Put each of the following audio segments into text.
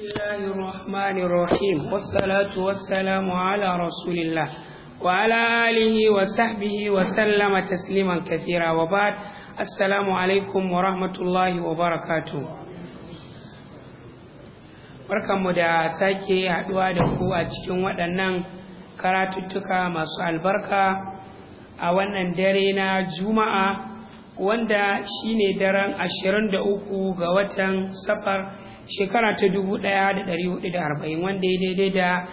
الله الرحمن الرحيم والصلاة والسلام على رسول الله وعلى آله وصحبه وسلم تسليما كثيرا وبعد السلام عليكم ورحمة الله وبركاته barkanmu da sake haɗuwa da ku a cikin waɗannan karatuttuka masu albarka a wannan dare na juma'a wanda shine daren 23 ga watan safar shekara ta dubu ɗaya da da ɗari arba'in wanda ya daidai da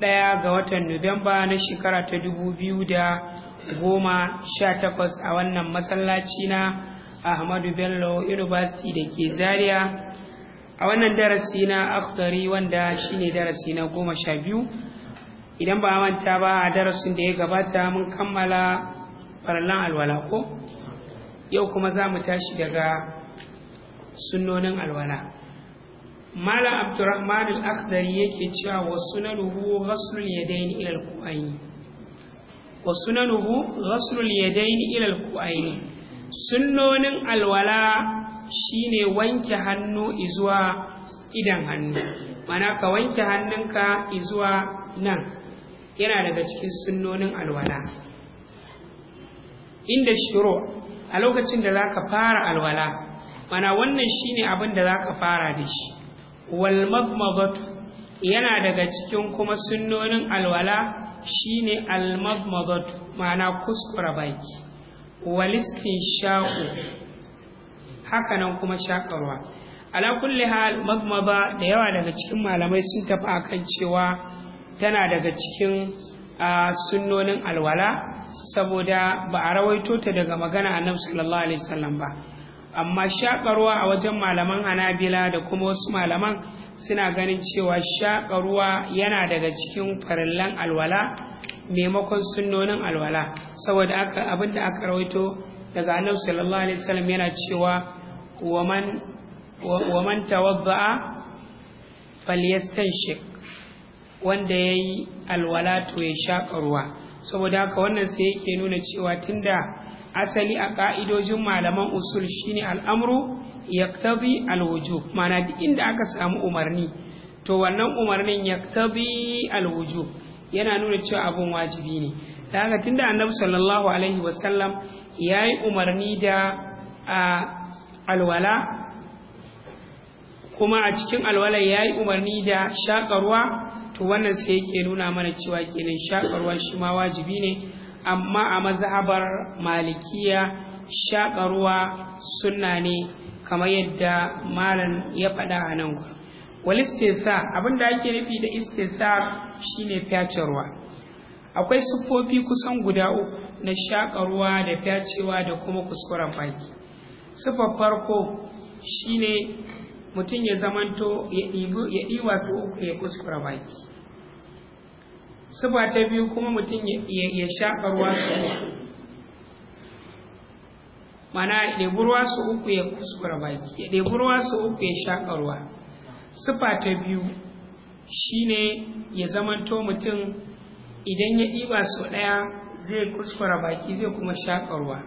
ɗaya ga watan nuwamba na shekara ta da goma sha 2018 a wannan masallaci na ahmadu bello university da ke zaria a wannan darasi na akhtari wanda shine darasi na goma sha biyu idan ba manta ba a darasin da ya gabata mun kammala farallan alwala ko yau kuma za mu tashi daga sunnonin alwala malam abdurrahman al-akhdari yake cewa wa na ghasl al-yadayn ila al-ku'ayn wa sunanuhu ghasl al-yadayn ila al-ku'ayn sunnonin alwala shine wanke hannu izuwa idan hannu mana ka wanke hannunka izuwa nan yana daga cikin sunnonin alwala inda shiro a lokacin da zaka fara alwala mana wannan shine abin da zaka fara da shi wal yana daga cikin kuma sunnonin alwala shine al ma'ana kuskura baki walistin sha'u haka kuma shakarwa ala kulli hal madmada da yawa daga cikin malamai sun tafi akan cewa tana daga cikin sunnonin alwala saboda ba a rawaito ta daga magana annabi sallallahu alaihi wasallam ba amma shaƙarwa a wajen malaman hanabila da kuma wasu malaman suna ganin cewa shaƙarwa yana daga cikin farillan alwala maimakon sunnonin alwala saboda aka abin da aka rawaito daga annabi sallallahu alaihi wasallam yana cewa waman waman tawadda'a falyastanshik wanda yayi alwala to ya shaƙarwa saboda haka wannan sai yake nuna cewa tunda asali a ƙa'idojin malaman usul shine al'amru yaktabi alwujo mana duk inda aka samu umarni to wannan umarnin yaktabi alwujo yana nuna cewa abun wajibi ne da haka tunda annabi sallallahu alaihi wasallam ya yi umarni da alwala kuma a cikin alwala ya yi umarni da shakarwa to wannan sai yake nuna mana cewa kenan shakarwa shi ma wajibi ne amma a mazhabar malikiya shaƙa ruwa sunna ne kamar yadda malam ya faɗa a nan wal abin abinda ake nufi da istitha shine fyace ruwa akwai siffofi kusan guda uku na shaƙa ruwa da fyacewa da kuma kuskuren baki siffar farko shine mutum ya zamanto ya ɗiwa su uku ya kuskura baki sifa ta biyu kuma mutum ya shafa ruwa su mana ya ɗebi ruwa su uku ya kuskura baki ya ɗebi ruwa su uku ya shaƙa ruwa sifa ta biyu shine ya zamanto mutum idan ya ɗiba su ɗaya zai kuskura baki zai kuma shaƙa ruwa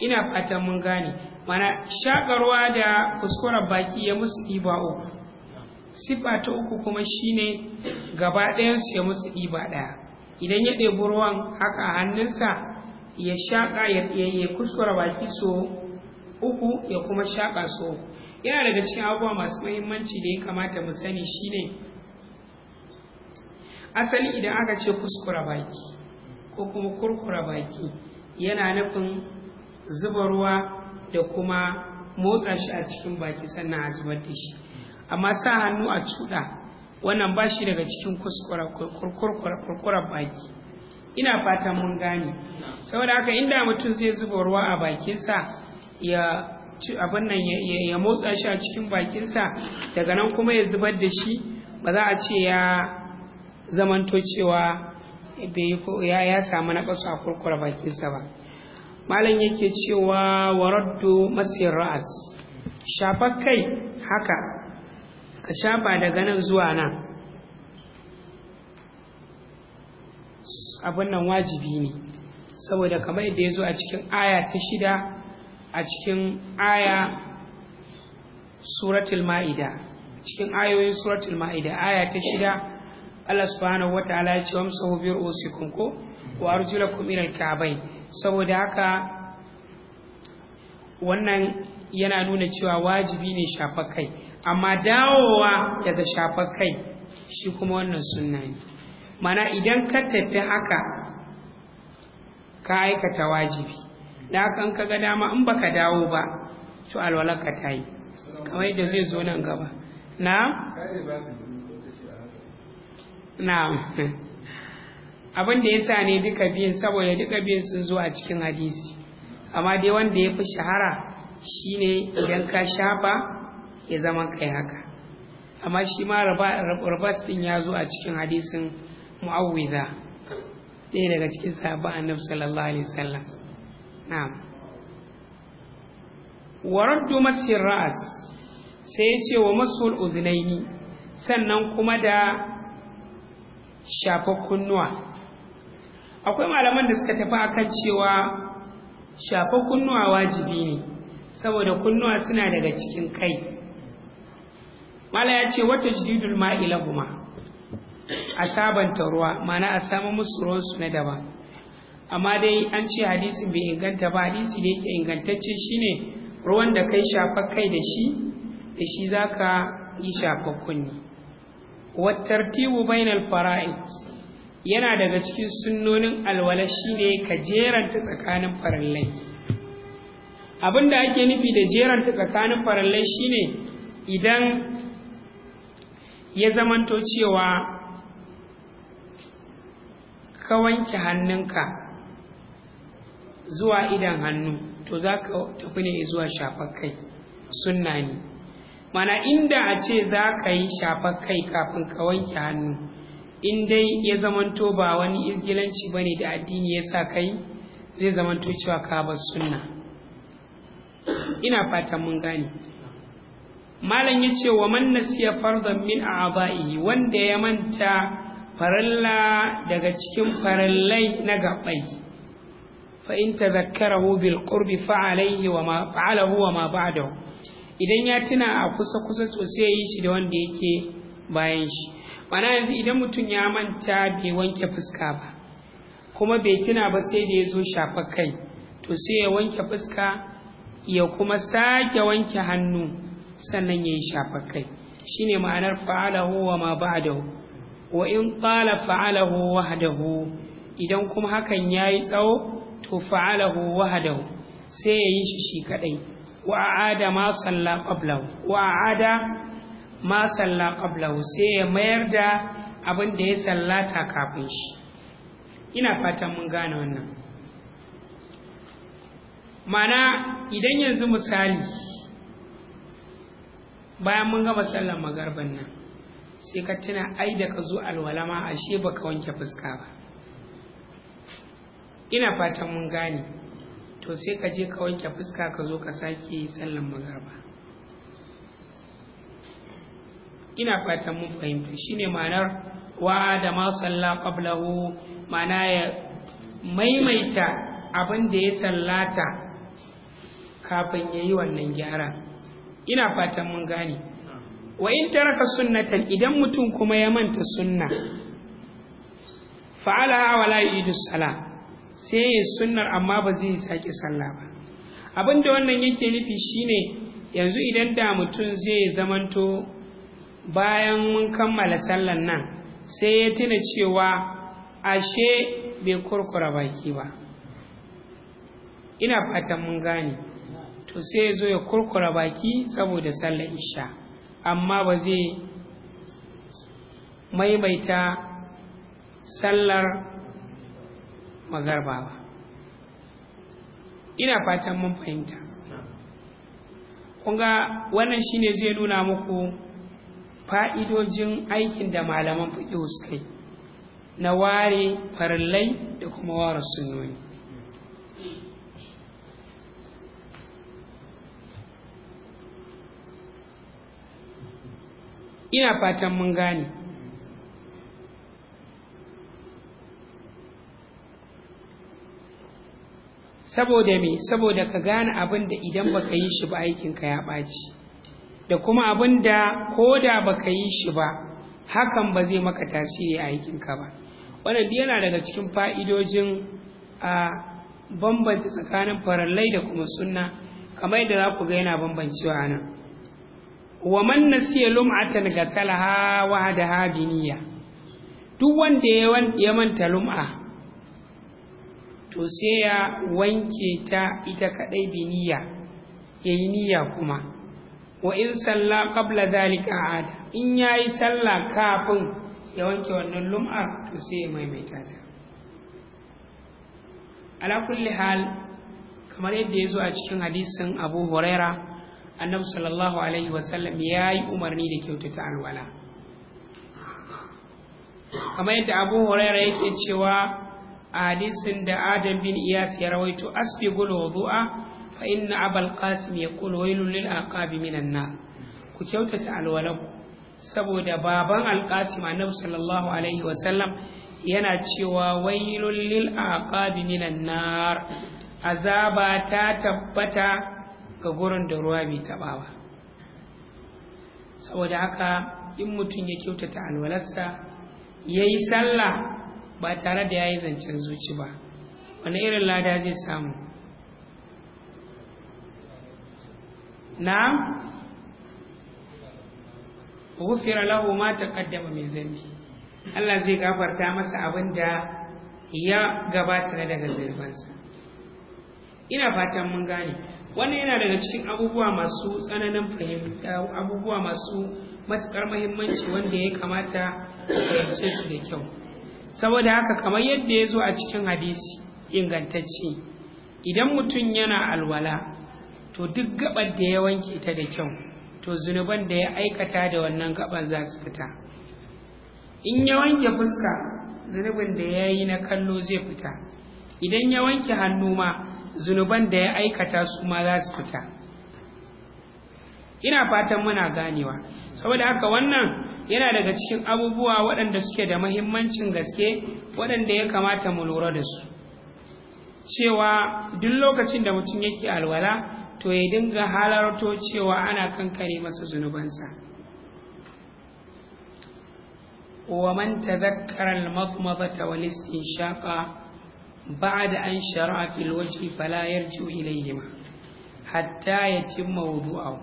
ina fatan mun gane mana shaƙa ruwa da kuskura baki ya musu ɗiba uku sifa ta uku kuma shine gaba ɗayansu ya musu ɗiba ɗaya idan ya ɗebi ruwan haka a hannunsa ya shaƙa ya kuskura baki so uku ya kuma shaƙa so yana daga cikin abubuwa masu muhimmanci da ya kamata mu sani shine asali idan aka ce kuskura baki ko kuma kurkura baki yana nufin zuba ruwa da kuma motsa shi a cikin baki sannan a zubar da shi amma sa hannu a cuɗa wannan ba shi daga cikin kurkurar baki ina fatan mun gane saboda haka inda mutum zai zuba ruwa a bakinsa ya abin nan ya motsa shi a cikin bakinsa daga nan kuma ya zubar da shi ba za a ce ya zamanto cewa ya samu na ƙasa a kurkura bakinsa ba malam yake cewa waraddo masir ra'as shafar kai haka ka shafa daga nan zuwa nan abin nan wajibi ne saboda kamar yadda ya zo a cikin aya ta shida a cikin aya suratul ma'ida cikin ayoyin suratul ma'ida aya ta shida Allah subhanahu wataala ya ce wamsahu bi ru'usikum ko wa arjulakum ila al-ka'bayn saboda haka wannan yana nuna cewa wajibi ne shafa kai amma dawowa daga shafar kai shi kuma wannan suna ne mana idan ka tafi haka ka aikata wajibi da haka in ka ga dama in baka dawo ba to alwalarka ta yi kamar yadda zai zo nan gaba na na abin da ya sa ne duka biyan saboda duka biyan sun zo a cikin hadisi amma dai wanda ya fi shahara shine idan ka shafa ya zama kai haka amma shi ma rabas din ya zo a cikin hadisin mu'awwidha ɗaya daga cikin sahaba annabi sallallahu alaihi wasallam na'am wa raddu masir ra'as sai ya ce wa masul udhnaini sannan kuma da shafa kunnuwa akwai malaman da suka tafi akan cewa shafa kunnuwa wajibi ne saboda kunnuwa suna daga cikin kai mala ya ce wata jididul ma'ila kuma a sabanta ruwa mana a samu musu ruwansu na daban amma dai an ce hadisin bai inganta ba hadisi da yake ingantacce shine ruwan da kai shafa kai da shi da shi za ka yi kunni Wattar tiwu bainal fara'i yana daga cikin sunnonin alwala shine ka jeranta tsakanin farallai abin da ake nufi da jeranta tsakanin farallai shine idan ya zamanto cewa ka wanke hannunka zuwa idan hannu to za ka tafi ne zuwa shafar kai sunna ne mana inda a ce za ka yi shafar kai kafin ka wanke hannu in dai ya zamanto ba wani izgilanci ba ne da addini ya sa kai zai zamanto cewa ka bar sunna ina fatan mun gane malam ya ce wa man nasiya fardan min a'dahi wanda ya manta faralla daga cikin farallai na gabai fa in tadhakkarahu bil qurbi fa alayhi wa ma fa'alahu wa ma ba'dahu idan ya tuna a kusa kusa sosai yi shi da wanda yake bayan shi mana yanzu idan mutum ya manta bai wanke fuska ba kuma bai tuna ba sai da ya zo shafa kai to sai ya wanke fuska ya kuma sake wanke hannu sannan ya yi shafar kai ne ma'anar fa'alahu wa ma ba'dahu wa in qala fa'alahu hu idan kuma hakan ya yi tsawo to fa'alahu hu sai yayi shi shi kadai wa ada ma salla qablahu wa ada ma salla qablahu sai ya mayar da abin da ya sallata kafin shi ina fatan mun gane wannan mana idan yanzu misali bayan mun gama sallar magarban nan sai ka tuna ai da ka zo alwalama ma ashe baka wanke fuska ba ina fatan mun gane to sai ka je ka wanke fuska ka zo ka sake sallar magarba ina fatan mun fahimta shine ma'anar wa da ma salla qablahu ma'ana ya maimaita abin da ya sallata kafin ya yi wannan gyara ina fatan mun gane wa in taraka sunnatan idan mutum kuma ya manta sunna fa'ala wa la yidu sala sai ya sunnar amma ba zai saki sallah ba abin da wannan yake nufi shine yanzu idan da mutum zai zamanto bayan mun kammala sallan nan sai ya tuna cewa ashe bai kurkura baki ba ina fatan mun gane to sai zo ya kurkura baki saboda sallar isha amma ba zai maimaita sallar magarba ba ina fatan mun fahimta kunga wannan shine zai nuna muku fa'idojin aikin da malaman fiƙi suka na ware farillai da kuma ware ina fatan mun gane saboda me saboda ka gane abin da idan baka yi shi ba aikinka ya ɓaci da kuma abin da ko da baka yi shi ba hakan ba zai maka tasiri a aikinka ba wannan yana daga cikin fa'idojin a bambanci tsakanin farallai da kuma sunna kamar yadda za ku ga yana bambancewa nan wa man nasiya lum'atan gasalaha wa hadaha biniya duk wanda ya manta lum'a to sai ya wanke ta ita kadai biniya yayi niyya kuma wa in salla qabla dhalika ada in yayi sallah kafin ya wanke wannan lum'a to sai ya maimaita ta ala kulli hal kamar yadda ya zo a cikin hadisin abu huraira annabi sallallahu alaihi wasallam ya yi umarni da kyautata alwala kamar yadda abu huraira yake cewa a hadisin da adam bin iyas ya rawaito asbi gulu wudu'a fa inna abal qasim yaqulu waylun lil aqabi minan nar ku kyautata alwalanku saboda baban alqasim annabi sallallahu alaihi wasallam yana cewa waylun lil aqabi minan nar azaba ta tabbata ga gurin da ruwa bai taɓa ba saboda haka in mutum ya kyautata alwalarsa ya yi sallah ba tare da ya yi zancen zuci ba wani irin lada zai samu na gufira lahu ma taqaddama mai zambi Allah zai gafarta masa abin da ya gabata na daga zirbansa ina fatan mun gane Wani yana daga cikin abubuwa masu tsananin fahimta abubuwa masu matuƙar mahimmanci wanda ya kamata fahimce su da kyau saboda haka kamar yadda ya zo a cikin hadisi ingantacci, idan mutum yana alwala to duk gabar da ya wanke ta da kyau to zunuban da ya aikata da wannan gabar za su fita in ya wanke fuska zunubin da ya yi na kallo zai fita idan ya wanke hannu ma zunuban da ya aikata su ma za su fita ina fatan muna ganewa saboda haka wannan yana daga cikin abubuwa waɗanda suke da mahimmancin gaske waɗanda ya kamata mu lura da su cewa duk lokacin da mutum yake alwala to ya dinga halarto cewa ana kankare masa zunubansa wa man tadhakkara al shafa. بعد أن شرع في الوجه فلا يرجع إليهما حتى يتم وضوءه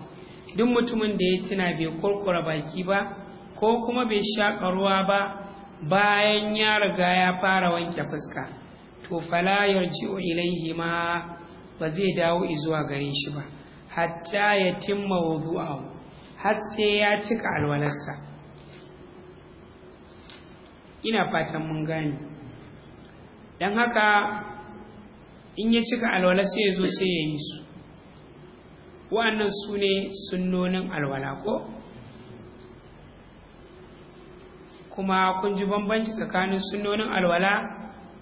duk mutumin da ya tuna bai kurkura baki ba ko kuma bai shaƙa ruwa ba bayan ya riga ya fara wanke fuska to falayar yarji'u ilaihi ma ba zai dawo zuwa gare shi ba hatta ya timma wudu'ahu har sai ya cika alwalarsa ina fatan mun gane don haka in ya cika alwala sai ya zo sai ya yi su wa'annan su ne sunnonin alwala ko kuma kun ji bambanci tsakanin sunnonin alwala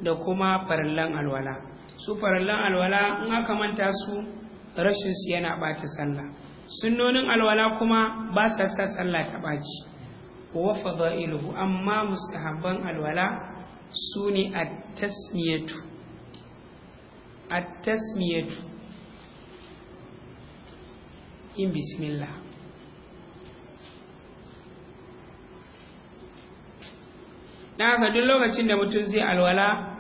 da kuma farallan alwala su farallan alwala in aka manta su rashin su yana ɓata sallah sunnonin alwala kuma ba sa sa sallah ta ɓaci wa fadailuhu amma mustahabban alwala su ne a tasmiyatu a tasmiyatu in bismillah na haka duk lokacin da mutum zai alwala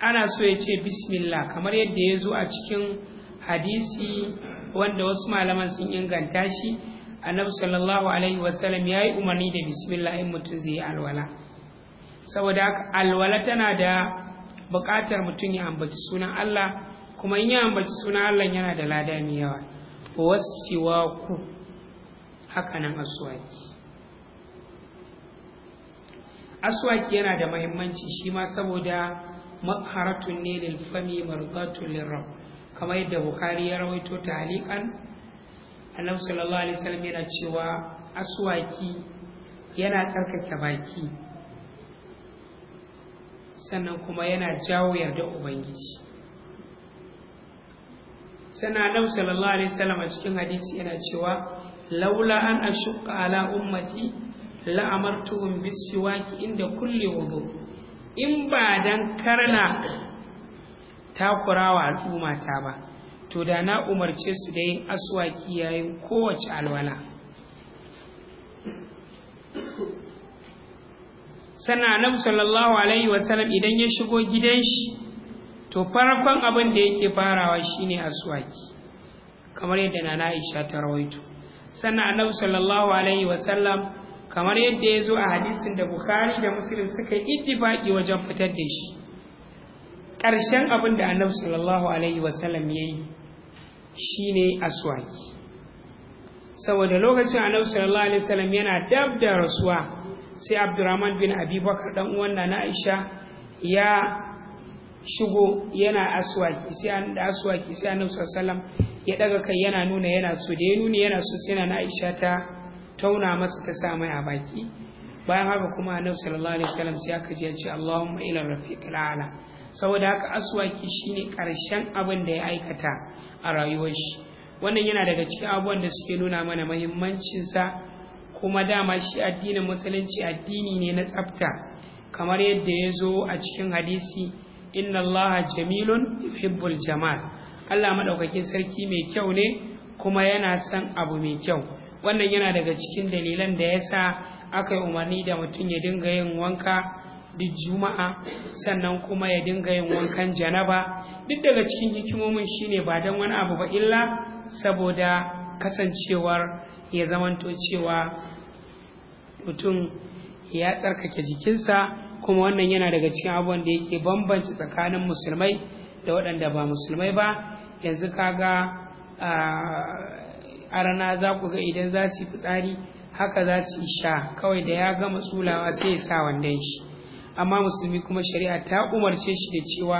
ana so ya ce bismillah kamar yadda ya zo a cikin hadisi wanda wasu malaman sun inganta shi annabi sallallahu alaihi wasallam ya yi umarni da bismillah in mutum zai alwala saboda haka alwala tana da buƙatar mutum ya ambaci sunan Allah kuma in ya ambaci sunan Allah yana da lada mai yawa wasiwa ku haka nan aswaki aswaki yana da mahimmanci shi ma saboda makharatun ne lil fami mardatun lil rabb kamar yadda bukhari ya rawaito talikan annabi sallallahu alaihi wasallam yana cewa aswaki yana tsarkake baki sannan kuma yana jawo yarda ubangiji sannan annabi sallallahu alaihi wasallam a cikin hadisi yana cewa laula an ashqa ala ummati la amartuhum bisiwaki inda kulli wudu in ba dan karna takurawa al'umma ba to da na umarce su da yin aswaki yayin kowace alwala sannan annabi sallallahu alaihi wasallam idan ya shigo gidan shi to farkon abin da yake farawa shine aswaki kamar yadda nana Aisha ta rawaito sannan annabi sallallahu alaihi wasallam kamar yadda ya zo a hadisin da Bukhari da Muslim suka yi ittifaqi wajen fitar da shi ƙarshen abin da annabi sallallahu alaihi wasallam ya yi shine aswaki saboda lokacin annabi sallallahu alaihi wasallam yana dab da rasuwa sai abdurrahman bin abubakar dan uwan na aisha ya shigo yana aswaki sai an da aswaki sai annabi sallallahu ya daga kai yana nuna yana so da ya nuna yana so sai na aisha ta tauna masa ta sa mai a baki bayan haka kuma annabi sallallahu alaihi wasallam sai aka ji ya ce Allahumma ila rafiqil ala saboda haka aswaki shine karshen abin da ya aikata a rayuwar shi wannan yana daga cikin abubuwan da suke nuna mana muhimmancin sa kuma dama shi addinin musulunci addini ne na tsafta kamar yadda ya zo a cikin hadisi inna allaha jamilun yuhibbul jamal allah maɗaukakin sarki mai kyau ne kuma yana son abu mai kyau wannan yana daga cikin dalilan da yasa aka yi umarni da mutum ya dinga yin wanka duk juma'a sannan kuma ya dinga yin wankan janaba duk daga cikin hikimomin shine ba don wani abu ba illa saboda kasancewar ya zamanto cewa mutum ya tsarkake jikinsa kuma wannan yana daga cikin abubuwan da yake bambanci tsakanin musulmai da waɗanda ba musulmai ba yanzu kaga a rana za ku ga idan za su yi fitsari haka za su yi sha kawai da ya gama tsulawa sai ya sa wandon shi amma musulmi kuma shari'a ta umarce shi da cewa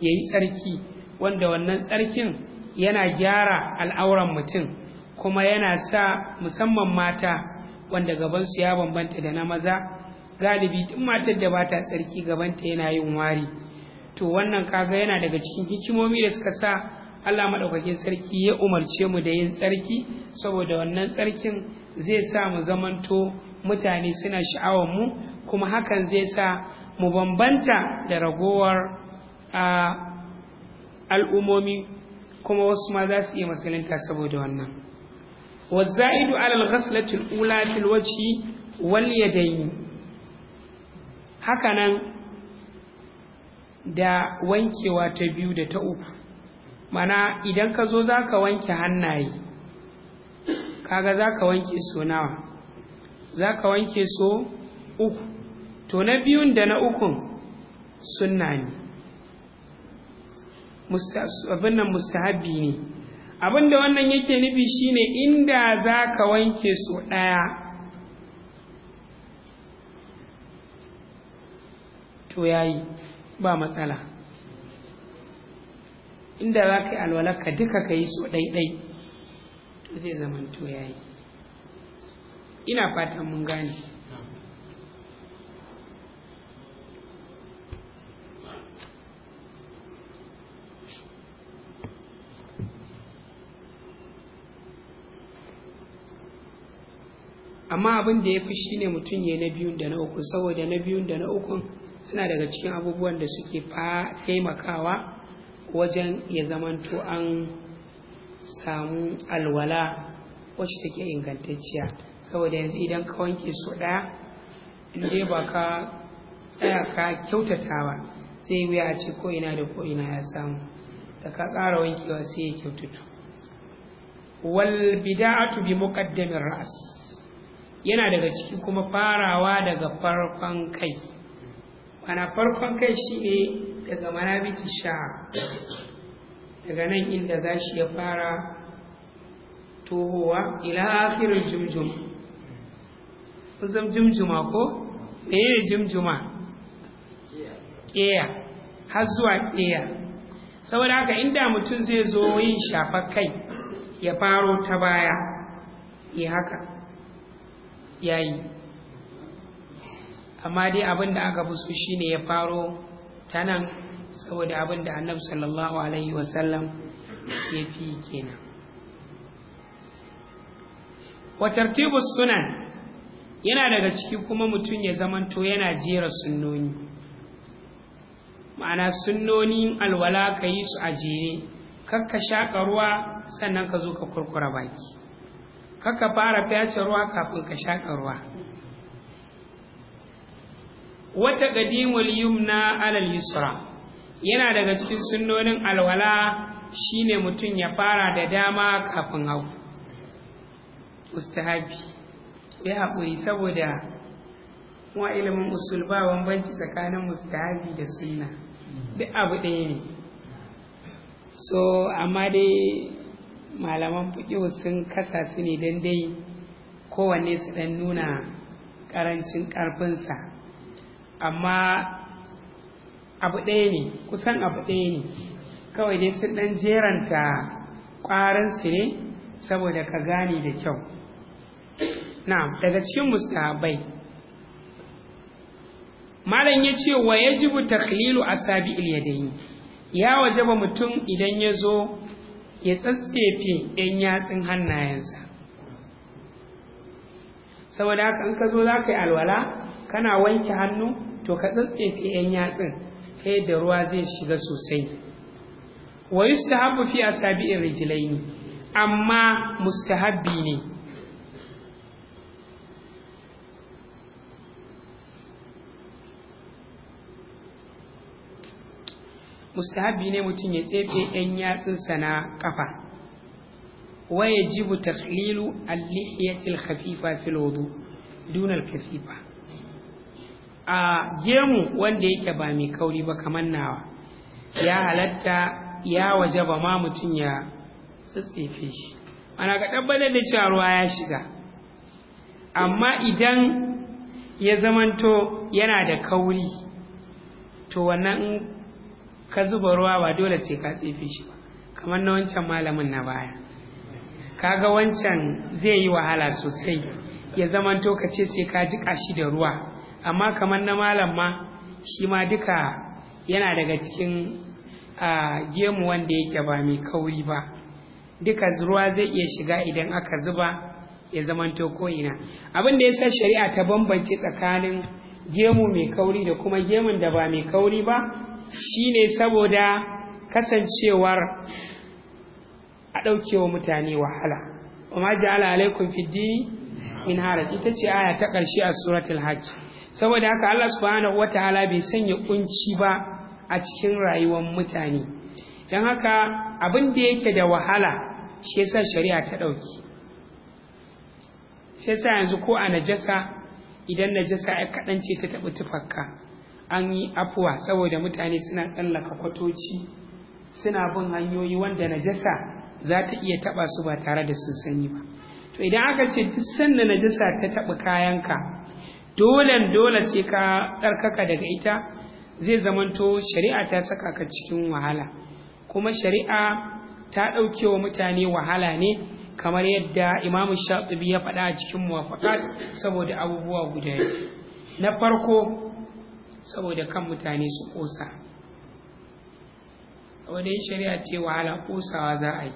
ya yi tsarki wanda wannan tsarkin yana gyara al'auran mutum kuma yana sa musamman mata wanda gabansu ya bambanta da na maza galibi duk matar da ba ta tsarki gabanta yana yin wari to wannan kaga yana daga cikin hikimomi da suka sa Allah maɗaukakin sarki ya umarce mu da yin tsarki saboda wannan tsarkin zai sa mu zamanto mutane suna sha'awar mu kuma hakan zai sa mu bambanta da ragowar al'umomi kuma wasu ma za su iya musulunta saboda wannan والزائد على الغسلة الأولى في الوجه واليدين hakanan da wankewa ta biyu da ta uku mana idan ka zo za ka wanke hannaye kaga za ka wanke so nawa za ka wanke so uku to na biyun da na ukun sunna ne abin nan Mustahabi ne abin da wannan yake nufi shine inda za ka wanke su ɗaya to ya yi ba matsala inda za ka yi alwalarka duka ka yi so ɗaiɗai to zai zama to yi. ina fatan mun gane amma abin da ya fi shi ne mutum ya na biyun da na uku saboda na biyun da na ukun suna daga cikin abubuwan da suke taimakawa wajen ya zamanto an samu alwala wacce take ingantacciya saboda yanzu idan ka wanke su ɗaya inda ba ka tsaya ka kyautata ba zai wuya a ce ko ina da ko ina ya samu da ka ƙara wankewa sai ya kyautatu wal bida'atu bi muqaddamin ra'as yana daga ciki kuma farawa daga farkon kai mana farkon kai shi ne daga manabiti sha daga nan inda za shi ya fara tohowa ila jimjuma jumjum kusan jimjuma ko ne jimjuma ƙeya har zuwa ƙeya saboda haka inda mutum zai zo yin shafa kai ya faro ta baya ya haka yayi amma dai abin da aka fi so shine ya faro ta nan saboda abin da annabi sallallahu alaihi wasallam ya fi kenan wa tartibu sunan yana daga ciki kuma mutum ya zamanto yana jera sunnoni ma'ana sunnonin alwala ka yi su a jere kakka shaƙa ruwa sannan ka zo ka kurkura baki kaka fara fyace ruwa kafin ka shaƙa ruwa wata qadimul yumna alal yusra yana daga cikin sunnonin alwala shine mutum ya fara da dama kafin hagu ustahabi ya haƙuri saboda wa ilimin usul ba bambanci tsakanin mustahabi da sunna duk abu ɗaya ne so amma dai malaman fiƙihu sun kasa su ne don dai kowanne su dan nuna ƙarancin ƙarfinsa amma abu ɗaya ne kusan abu ɗaya ne kawai dai sun ɗan jeranta ƙwarin su ne saboda ka gane da kyau na daga cikin mustahabai malam ya ce wa yajibu takhlilu asabi il ya wajaba mutum idan ya zo ya tsatsefe yan yatsun hannayensa saboda haka in ka zo za ka yi alwala kana wanke hannu to ka tsatsefe yan yatsun ta da ruwa zai shiga sosai wa yustahabbu fi asabi'ir ne amma mustahabbi ne mustahabi ne mutum ya tsefe ɗan yatsunsa na kafa wa ya ji al-lihiyati al-khafifa fil wudu a gemu wanda yake ba mai kauri ba kamar nawa ya halatta ya waje ba ma mutum ya tsitsefe shi ana ga tabbatar da cewa ruwa ya shiga amma idan ya zamanto yana da kauri to wannan ka zuba ruwa ba dole sai ka tsefe shi ba kamar na wancan malamin na baya Ka ga wancan zai yi wahala sosai ya zamanto ka ce sai ka ji shi da ruwa amma kamar na malam ma shi ma duka yana daga cikin gemu wanda yake ba mai kauri ba duka ruwa zai iya shiga idan aka zuba ya zamanto ina. abin da ya sa shari'a ta bambance tsakanin gemu mai kauri da kuma gemun da ba mai kauri ba Shi ne saboda kasancewar a ɗaukewa mutane wahala amma ja'ala alaikum alaikun fiddi min haraj ita ce aya ta ƙarshe a suratul hajji saboda haka Allah subhanahu wataala bai sanya ƙunci ba a cikin rayuwar mutane don haka abin da yake da wahala shi yasa shari'a ta ɗauki shi yasa yanzu ko a najasa idan najasa ya kaɗan ce ta taɓi tufarka an yi afuwa saboda mutane suna tsallaka kwatoci suna bin hanyoyi wanda najasa za ta iya taɓa su ba tare da sun sani ba to idan aka ce duk sanda najasa ta taɓa kayanka dole dole sai ka tsarkaka daga ita zai zamanto shari'a ta saka ka cikin wahala kuma shari'a ta ɗauke wa mutane wahala ne kamar yadda imamu shatibi ya faɗa a cikin muwafaƙat saboda abubuwa guda na farko saboda kan mutane su kosa saboda yin shari'a ce wahala kosawa za a yi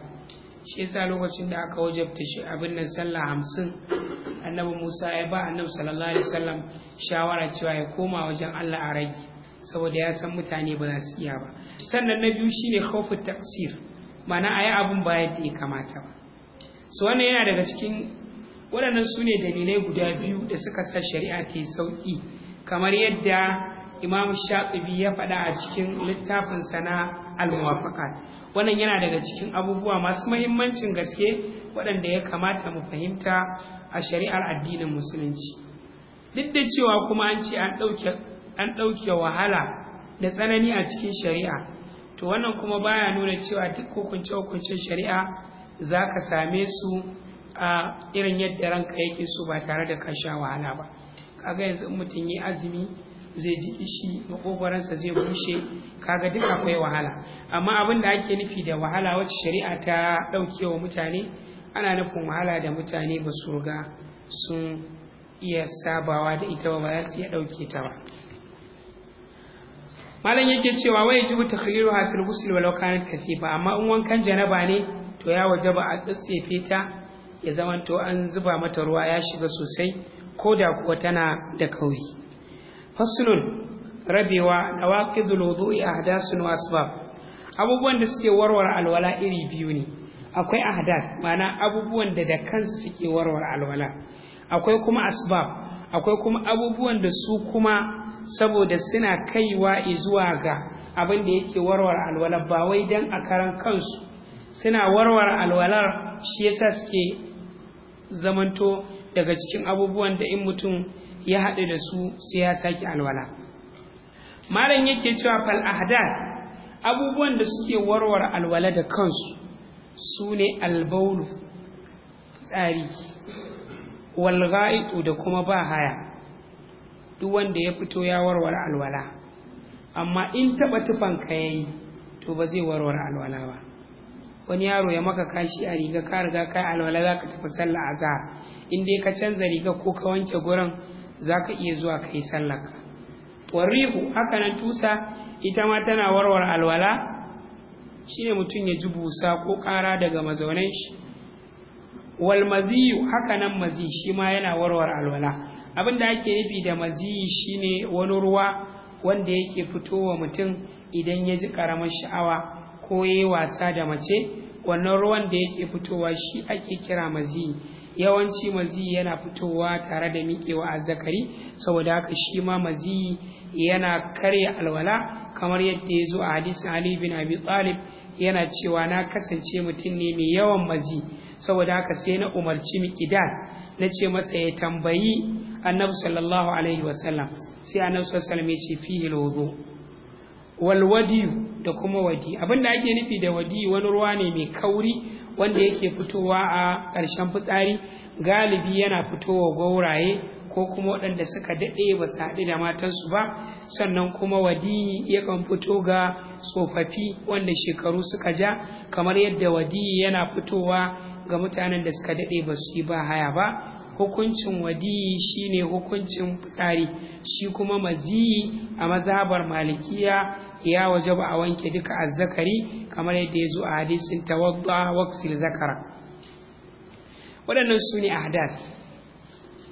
shi yasa lokacin da aka wajabta shi abin nan sallah hamsin annabi musa ya ba annabi sallallahu alaihi wasallam shawara cewa ya koma wajen allah a rage saboda ya san mutane ba za su iya ba sannan na biyu shine khawfu taksir a yi abin ba yadda ya kamata ba su wannan yana daga cikin waɗannan su ne dalilai guda biyu da suka sa shari'a ta yi sauƙi kamar yadda imam shafi'i ya faɗa a cikin littafin sana al-muwafaqat wannan yana daga cikin abubuwa masu mahimmancin gaske waɗanda ya kamata mu fahimta a shari'ar addinin musulunci duk da cewa kuma an ce an ɗauke wahala da tsanani a cikin shari'a to wannan kuma baya nuna cewa duk hukunce hukuncen shari'a za ka same su a irin yadda ranka yake so ba tare da ka sha wahala ba kaga yanzu in mutum yi azumi zai ji ishi makogoransa zai bushe kaga duk akwai wahala amma abin da ake nufi da wahala wacce shari'a ta ɗauke wa mutane ana nufin wahala da mutane ba su ga sun iya sabawa da ita ba ba su iya ɗauke ta ba malam yake cewa wai jibu takriru hafil ghusl walau kanat ba, amma in wankan janaba ne to ya ba a tsatsefe ta ya zamanto an zuba mata ruwa ya shiga sosai ko da kuwa tana da kauri faslun rabewa nawaqidul wudu'i ahdasun wa abubuwan da suke warware alwala iri biyu ne akwai ahdas ma'ana abubuwan da da kansu suke warware alwala akwai kuma asbab akwai kuma abubuwan da su kuma saboda suna kaiwa zuwa ga abin da yake warware alwala ba wai dan a karan kansu suna warware alwalar shi yasa suke zamanto daga cikin abubuwan da in mutum ya haɗu da su sai ya sake alwala malam yake cewa fal ahdath abubuwan da suke warware alwala da kansu su ne albaulu tsari wal da kuma ba haya duk wanda ya fito ya warware alwala amma in taɓa tufan ya yi to ba zai warware alwala ba wani yaro ya maka kashi a riga ka riga kai alwala za ka tafi sallah azhar in dai ka canza riga ko ka wanke gurin za ka iya zuwa ka yi sallaka warihu haka nan tusa ita ma tana warwar alwala shine mutum ya ji busa ko ƙara daga mazaunan shi wal maziyu haka nan mazi shi ma yana warwar alwala abin da ake nufi da maziyi shine wani ruwa wanda yake fitowa mutum idan ya ji ƙaramar sha'awa ko ya yi wasa da mace wannan ruwan da yake fitowa shi ake kira maziyi yawanci mazi yana fitowa tare da miƙewa a zakari saboda haka shi ma mazi yana karya alwala kamar yadda ya zo a hadisin ali bin abi talib yana cewa na kasance mutum ne mai yawan mazi saboda haka sai na umarci miƙidan na ce masa ya tambayi annabi sallallahu alaihi wasallam sai annabi sallallahu alaihi wasallam ya ce fihi lozo walwadiyu da kuma wadi abin da ake nufi da wadi wani ruwa ne mai kauri wanda yake fitowa a ƙarshen fitsari galibi yana fitowa gauraye ko kuma waɗanda suka daɗe ba su haɗu da matansu ba sannan kuma wadiyi yakan fito ga tsofaffi wanda shekaru suka ja kamar yadda wadiyi yana fitowa ga mutanen da suka daɗe ba su yi ba haya ba hukuncin wadiyi shine hukuncin fitsari shi kuma maziyi a mazabar malikiya ya waje ba a wanke duka azzakari kamar yadda ya zo a hadisin tawadda waksil zakara waɗannan su ne ahdath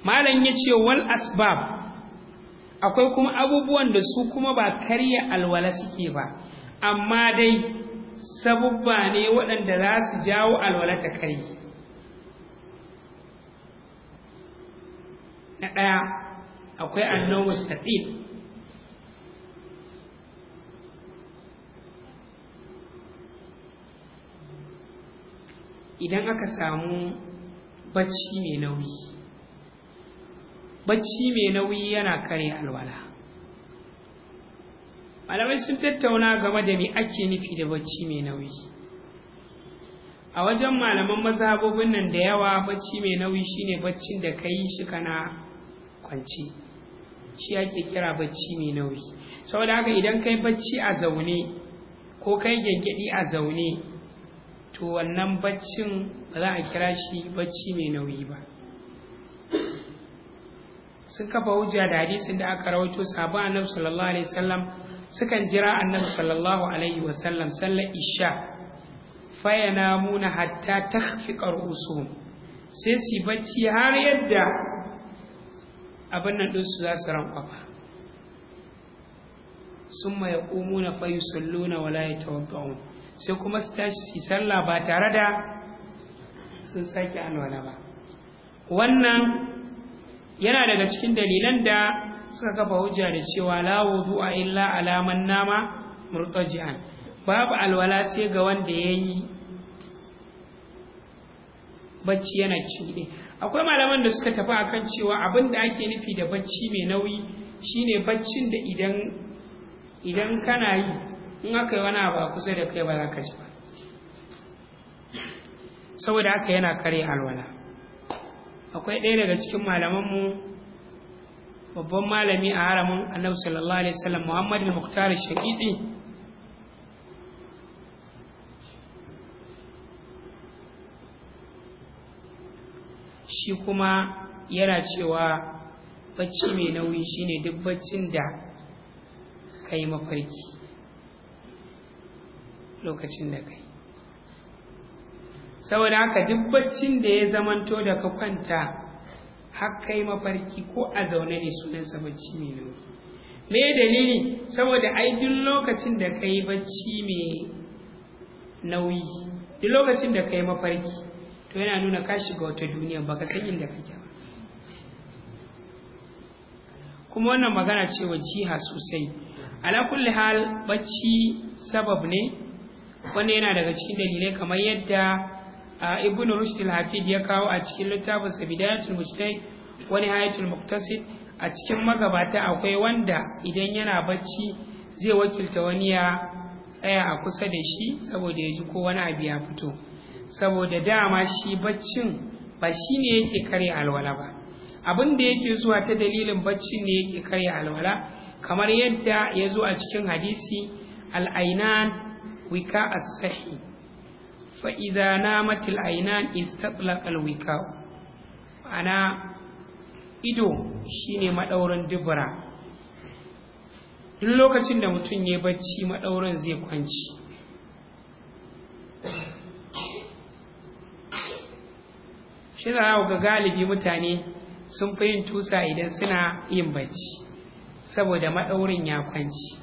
malam ya ce wal asbab akwai kuma abubuwan da su kuma ba karya alwala suke ba amma dai sabubba ne waɗanda za su jawo alwala ta karye na ɗaya akwai annon taɗin idan aka samu bacci mai nauyi bacci mai nauyi yana kare alwala malamai sun tattauna game da me ake nufi da bacci mai nauyi a wajen malaman mazhabobin nan da yawa bacci mai nauyi shine baccin da ka yi shi kana kwanci shi ake kira bacci mai nauyi saboda haka idan kai bacci a zaune ko kai gyangyaɗi a zaune to wannan baccin ba za a kira shi bacci mai nauyi ba sun kafa hujja da hadisin da aka rawaito sabon annabi sallallahu alaihi wasallam sukan jira annabi sallallahu alaihi wasallam sallar isha fayana muna hatta takhfiqa ru'usuhum sai su bacci har yadda abin nan ɗinsu za su rankwafa summa yaqumuna fayusalluna wala yatawadda'un sai kuma su tashi sallah ba tare da sun sake alwala ba wannan yana daga cikin dalilan da suka kafa hujja da cewa la a illa alaman nama murtaji'an babu alwala sai ga wanda yayi bacci yana cikin akwai malaman da suka tafi akan cewa abin da ake nufi da bacci mai nauyi shine baccin da idan kana yi in aka yi wani abu a kusa da kai ba za ka ci ba saboda haka yana karya alwala akwai ɗaya daga cikin mu, babban malami a haramun annabi sallallahu alaihi wasallam muhammad al-muqtar shi kuma yana cewa bacci mai nauyi shine duk baccin da ka yi mafarki lokacin da kai saboda haka duk baccin da ya zamanto da ka kwanta har kai mafarki ko a zaune ne sunan bacci mai nauyi me dalili saboda ai duk lokacin da kai bacci mai nauyi duk lokacin da kai mafarki to yana nuna ka shiga wata duniya ba ka san inda kake ba kuma wannan magana ce wa jiha sosai ala kulli hal bacci sabab ne wanda yana daga cikin dalilai kamar yadda ibn rushd al-hafid ya kawo a cikin littafin sa bidayatul mujtahid wa nihayatul muqtasid a cikin magabata akwai wanda idan yana bacci zai wakilta wani ya tsaya a kusa da shi saboda ya ji ko wani abu ya fito saboda dama shi baccin ba shi ne yake karya alwala ba abin da yake zuwa ta dalilin baccin ne yake karya alwala kamar yadda ya zo a cikin hadisi al'ainan wika as-sahi fa idza namat al-aynan istatlaqa al-wika ana ido shine madaurin dubura duk lokacin da mutum ya bacci maɗaurin zai kwanci shi za ga galibi mutane sun fi yin tusa idan suna yin bacci saboda maɗaurin ya kwanci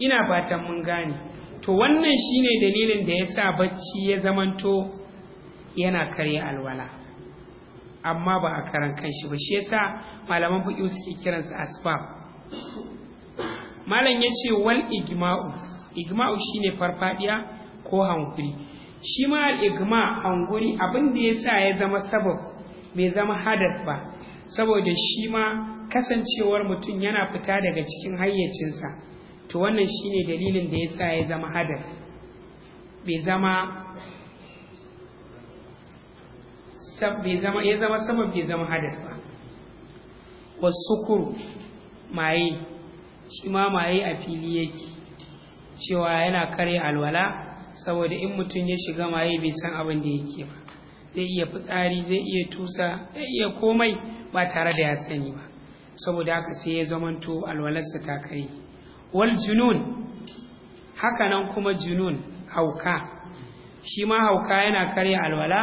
ina fatan mun gane to wannan shine dalilin da ya sa bacci ya zamanto yana karya alwala amma ba a karan kanshi ba shi yasa malaman fiƙi suke kiransa asbab malam ya ce wal igma'u igma'u shine farfadiya ko hankuri shi ma al igma hankuri abin da ya sa ya zama sabab bai zama hadaf ba saboda shi ma kasancewar mutum yana fita daga cikin hayyacinsa to wannan shine dalilin da ya sa ya zama hadar bai ya zama sabab bai zama hadar ba wasu kuru maye shi ma maye a fili yake cewa yana kare alwala saboda in mutum ya shiga maye bai san abin da yake ba zai iya fitsari zai iya tusa zai iya komai ba tare da ya sani ba saboda haka sai ya zamanto alwalarsa ta kare wal junun hakanan kuma junun hauka shi ma hauka yana karya alwala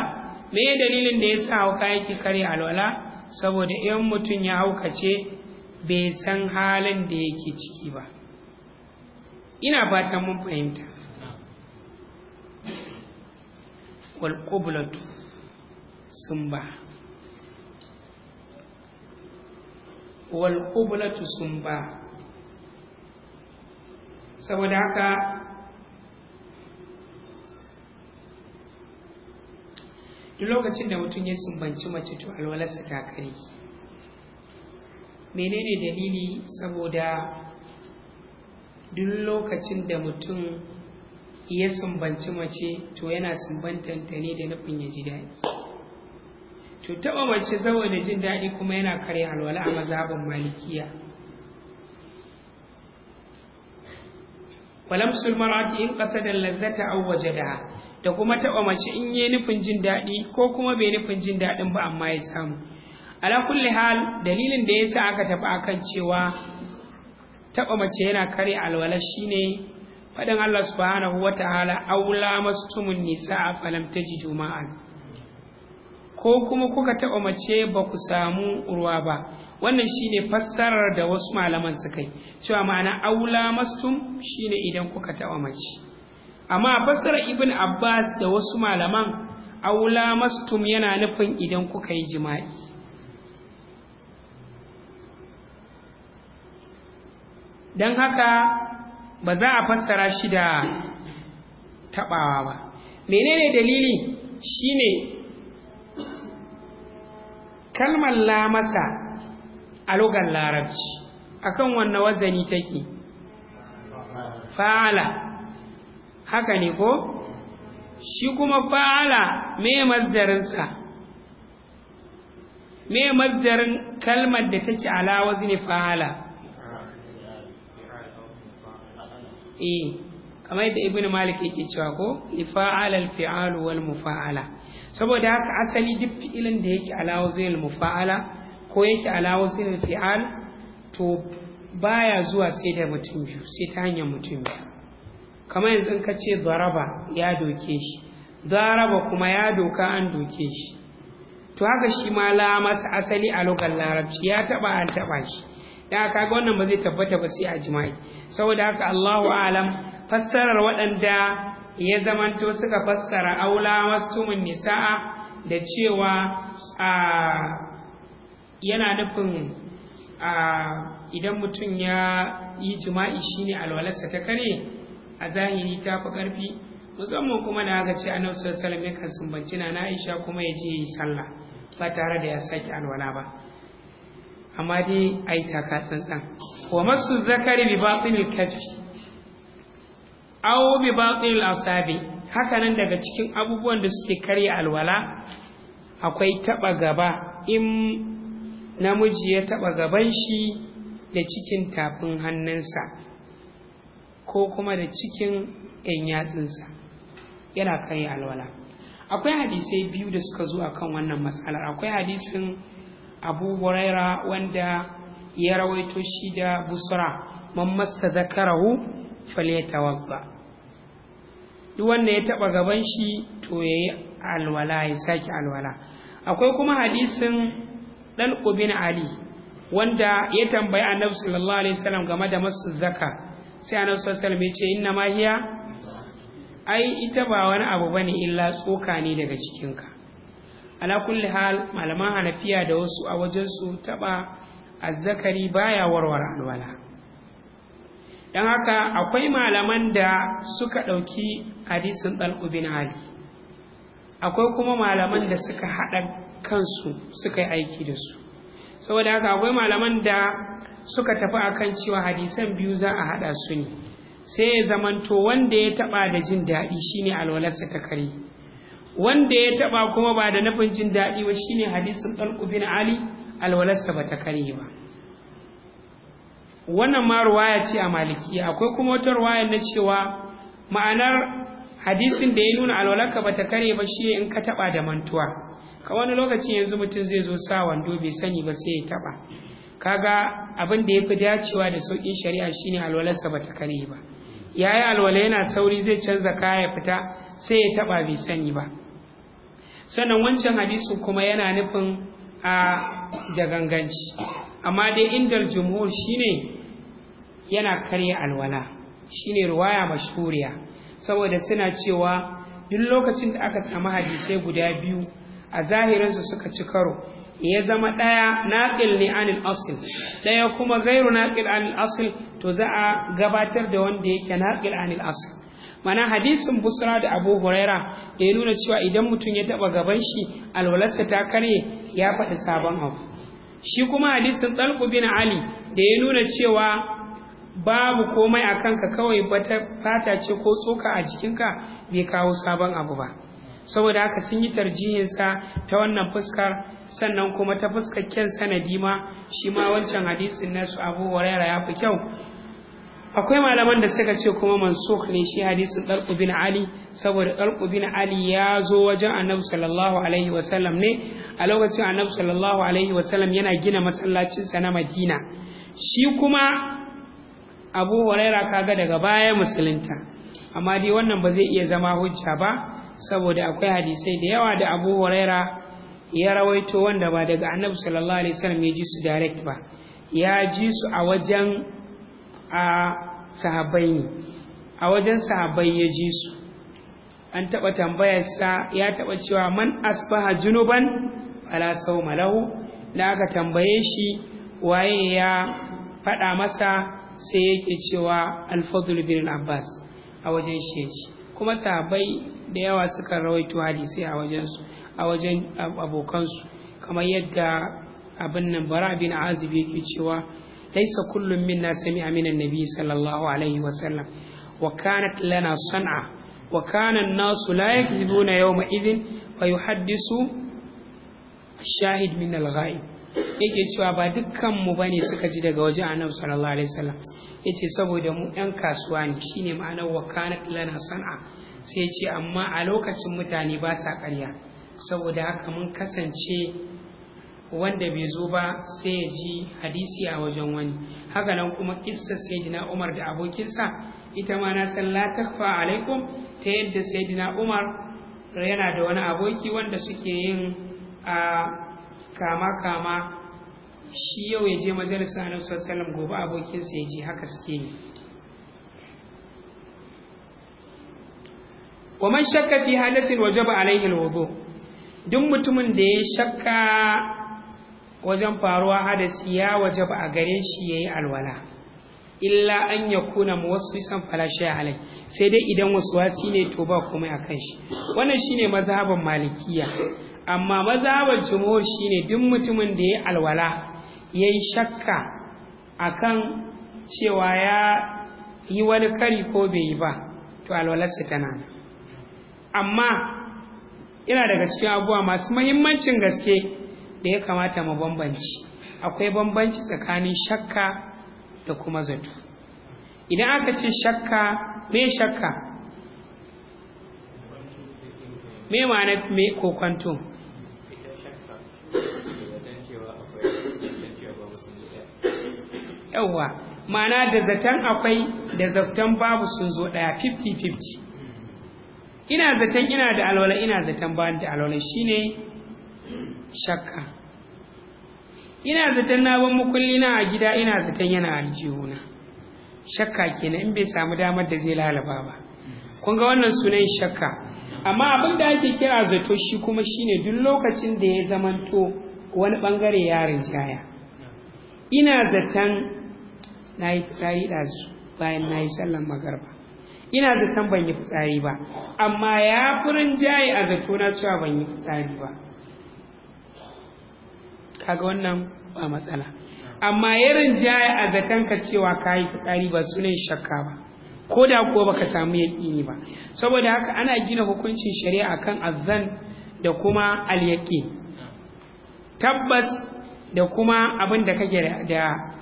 me dalilin da ya sa hauka yake karya alwala saboda idan mutum ya haukace bai san halin da yake ciki ba ina fatan mun fahimta wal qublatu sumba wal qublatu sumba saboda haka duk lokacin da mutum ya sumbanci mace to alwalarsa ta kare menene dalili saboda duk lokacin da mutum ya sumbanci mace to yana sumbantanta ne da nufin ya ji daɗi to taɓa mace saboda jin daɗi kuma yana karya alwala a mazabin malikiya walamsul mar'ati in qasada lazzata aw wajadaha da kuma taɓa mace in yi nufin jin daɗi ko kuma bai nufin jin daɗin ba amma ya samu ala kulli hal dalilin da yasa aka tafi akan cewa taɓa mace yana kare alwala shine faɗin Allah subhanahu wataala aula mastumun nisaa falam tajidu ma'an ko kuma kuka taɓa mace ba ku samu ruwa ba wannan shine fassarar da wasu malaman suka yi cewa ma'ana aula mastum shine idan kuka taɓa mace amma fassarar ibn abbas da wasu malaman aula mastum yana nufin idan kuka yi jima'i don haka ba za a fassara shi da taɓawa ba menene dalili shine kalmar lamasa a lugar larabci kan wannan wazani take fa'ala haka ne ko shi kuma fa'ala mai masdarinsa mai masdarin kalmar da take ala ne fa'ala eh kamar yadda ibnu malik yake cewa ko li fa'ala al fi'alu wal mufa'ala saboda haka asali duk fi'ilin da yake ala wazni al mufa'ala ko yake ala wasilin fi'al to baya zuwa sai da mutum biyu sai ta hanyar mutum biyu kamar yanzu in ka ce zaraba ya doke shi zaraba kuma ya doka an doke shi to haka shi ma la masa asali a lokacin larabci ya taba an taba shi da kaga wannan ba zai tabbata ba sai a jima'i saboda haka Allahu alam fassarar waɗanda ya zamanto suka fassara aula mastumin nisa'a da cewa a yana nufin a idan mutum ya yi jima'i shine alwalarsa ta kare a zahiri ta fi ƙarfi musamman kuma da aka ce annabi sallallahu alaihi wasallam sumbanci na Aisha kuma ya je yi sallah ba tare da ya saki alwala ba amma dai ai taka tsantsan wa masu zakari bi batil kafi aw bi batil asabi haka nan daga cikin abubuwan da suke karya alwala akwai taba gaba in namiji ya taɓa gaban shi da cikin tafin hannunsa ko kuma da cikin 'yan yatsunsa yana kan yi alwala akwai hadisai biyu da suka zo kan wannan matsalar akwai hadisin abu huraira wanda ya rawaito shi da busra man masta zakarahu wabba. duk wanda ya taɓa gaban shi to yayi alwala ya sake alwala akwai kuma hadisin dan ubin ali wanda ya tambayi annabi sallallahu alaihi wasallam game da masu zaka sai annabi sallallahu alaihi wasallam ya ce inna ma hiya ai ita ba wani abu bane illa tsoka ne daga cikinka ala kulli hal malaman hanafiya da wasu a wajen su taba azzakari baya warware alwala don haka akwai malaman da suka ɗauki hadisin ubin ali akwai kuma malaman da suka haɗa kansu suka yi aiki da su saboda haka akwai malaman da suka tafi a kan cewa hadisan biyu za a haɗa su ne sai ya zamanto wanda ya taɓa da jin daɗi shine alwalarsa ta kare wanda ya taɓa kuma ba da nufin jin daɗi ba shine hadisin ɗalƙu bin ali alwalarsa ba ta kare ba wannan ma ruwaya ce a maliki akwai kuma wata ruwaya na cewa ma'anar hadisin da ya nuna alwalarka ba ta kare ba shi in ka taɓa da mantuwa ka wani lokaci yanzu mutum zai zo sa wando bai sani ba sai ya taba kaga abin da ya fi dacewa da sauƙin shari'a shine alwalarsa ba ta kare ba yayi alwala yana sauri zai canza kaya fita sai ya taba bai sani ba sannan wancan hadisin kuma yana nufin a da ganganci amma dai indal jumhur shine yana karya alwala shine ruwaya mashhuriya saboda suna cewa duk lokacin da aka samu hadisai guda biyu a zahirinsu suka ci karo ya zama ɗaya naƙil ne anil asil ɗaya kuma gairu naƙil anil asil to za a gabatar da wanda yake naƙil anil asil mana hadisin busra da abu huraira da ya nuna cewa idan mutum ya taɓa gaban shi alwalarsa ta karye ya faɗi sabon abu shi kuma hadisin ɗalƙubin ali da ya nuna cewa babu komai a kanka kawai fata ce ko tsoka a jikinka bai kawo sabon abu ba saboda haka sun yi tarjihinsa ta wannan fuskar sannan kuma ta fuskar kyan sanadi ma shi ma wancan hadisin nasu abu huraira ya fi kyau akwai malaman da suka ce kuma mansuk ne shi hadisin ɗarku bin ali saboda ɗarku bin ali ya zo wajen annabi sallallahu alaihi wasallam ne a lokacin annabi sallallahu alaihi wasallam yana gina masallacinsa na madina shi kuma abu huraira kaga daga baya musulunta amma dai wannan ba zai iya zama hujja ba saboda akwai hadisai da yawa da abu waraira ya rawaito wanda ba daga annabi sallallahu alaihi wasallam ya ji su direct ba ya ji su a wajen a sahabbai ne a wajen sahabbai ya ji su an taɓa sa ya taɓa cewa man asbaha junuban fala sauma lahu da aka tambaye shi waye ya faɗa masa sai yake cewa alfadul bin abbas a wajen shi kuma sabai da yawa suka rawaito hadisi a wajen su a wajen abokansu kamar yadda abin nan bara bin azib yake cewa laisa kullum minna sami'a minan nabi sallallahu alaihi wa sallam wa kanat lana san'a wa kana an-nasu la yakdhibuna yawma idhin fa yuhaddisu ash-shahid min al-ghaib yake cewa ba dukkanmu ba ne suka ji daga wajen annabi sallallahu alaihi wasallam ya ce saboda mu 'yan kasuwa ne shine ma'anar wakana lana san'a sai ce amma a lokacin mutane ba sa ƙarya saboda haka mun kasance wanda bai zo ba sai ya ji hadisi a wajen wani Haka nan kuma kissa sayyidina umar da abokinsa ita ma na san la takfa alaikum ta yadda sayyidina umar yana da wani aboki wanda suke yin a ah, kama kama shi yau ya je majalisa na sallam gobe abokinsa ya je haka suke yi wa man shakka fi halatin wajaba alaihi alwudu duk mutumin da ya shakka wajen faruwa hadasi ya wajaba a gare shi yayi alwala illa an ya kuna muwassisan falashe alai sai dai idan wasu wasi ne to ba komai a shi wannan shine mazhaban malikiya amma mazhabar jumhur shine duk mutumin da ya alwala yayi shakka akan cewa ya yi wani kari ko bai yi ba to alwalarsa tana amma ina daga cikin abubuwa masu mahimmancin gaske da ya kamata mu bambanci akwai bambanci tsakanin shakka da kuma zato idan aka ce shakka me shakka me ma'ana me kokwanto yawwa ma'ana da zaton akwai da zaton babu sun zo ɗaya 50-50 ina zaton ina da alwala ina zaton ba da alwala shine shakka ina zaton na ban makulli na a gida ina zaton yana aljihuna shakka kenan in bai samu damar da zai lalaba ba kun ga wannan sunan shakka amma abin da ake kira zato shi kuma shine duk lokacin da ya zamanto wani bangare ya rinjaya ina zaton na yi fitsari ɗazu bayan na yi sallan magarba ina zaton ban yi fitsari ba amma ya furin jaye a zato na cewa ban yi fitsari ba kaga wannan ba matsala amma yarin jaye a zaton ka cewa ka yi fitsari ba sunan shakka ba ko da kuwa baka samu yaƙini ba saboda haka ana gina hukuncin shari'a kan azan da kuma alyaƙi tabbas da kuma abin da kake da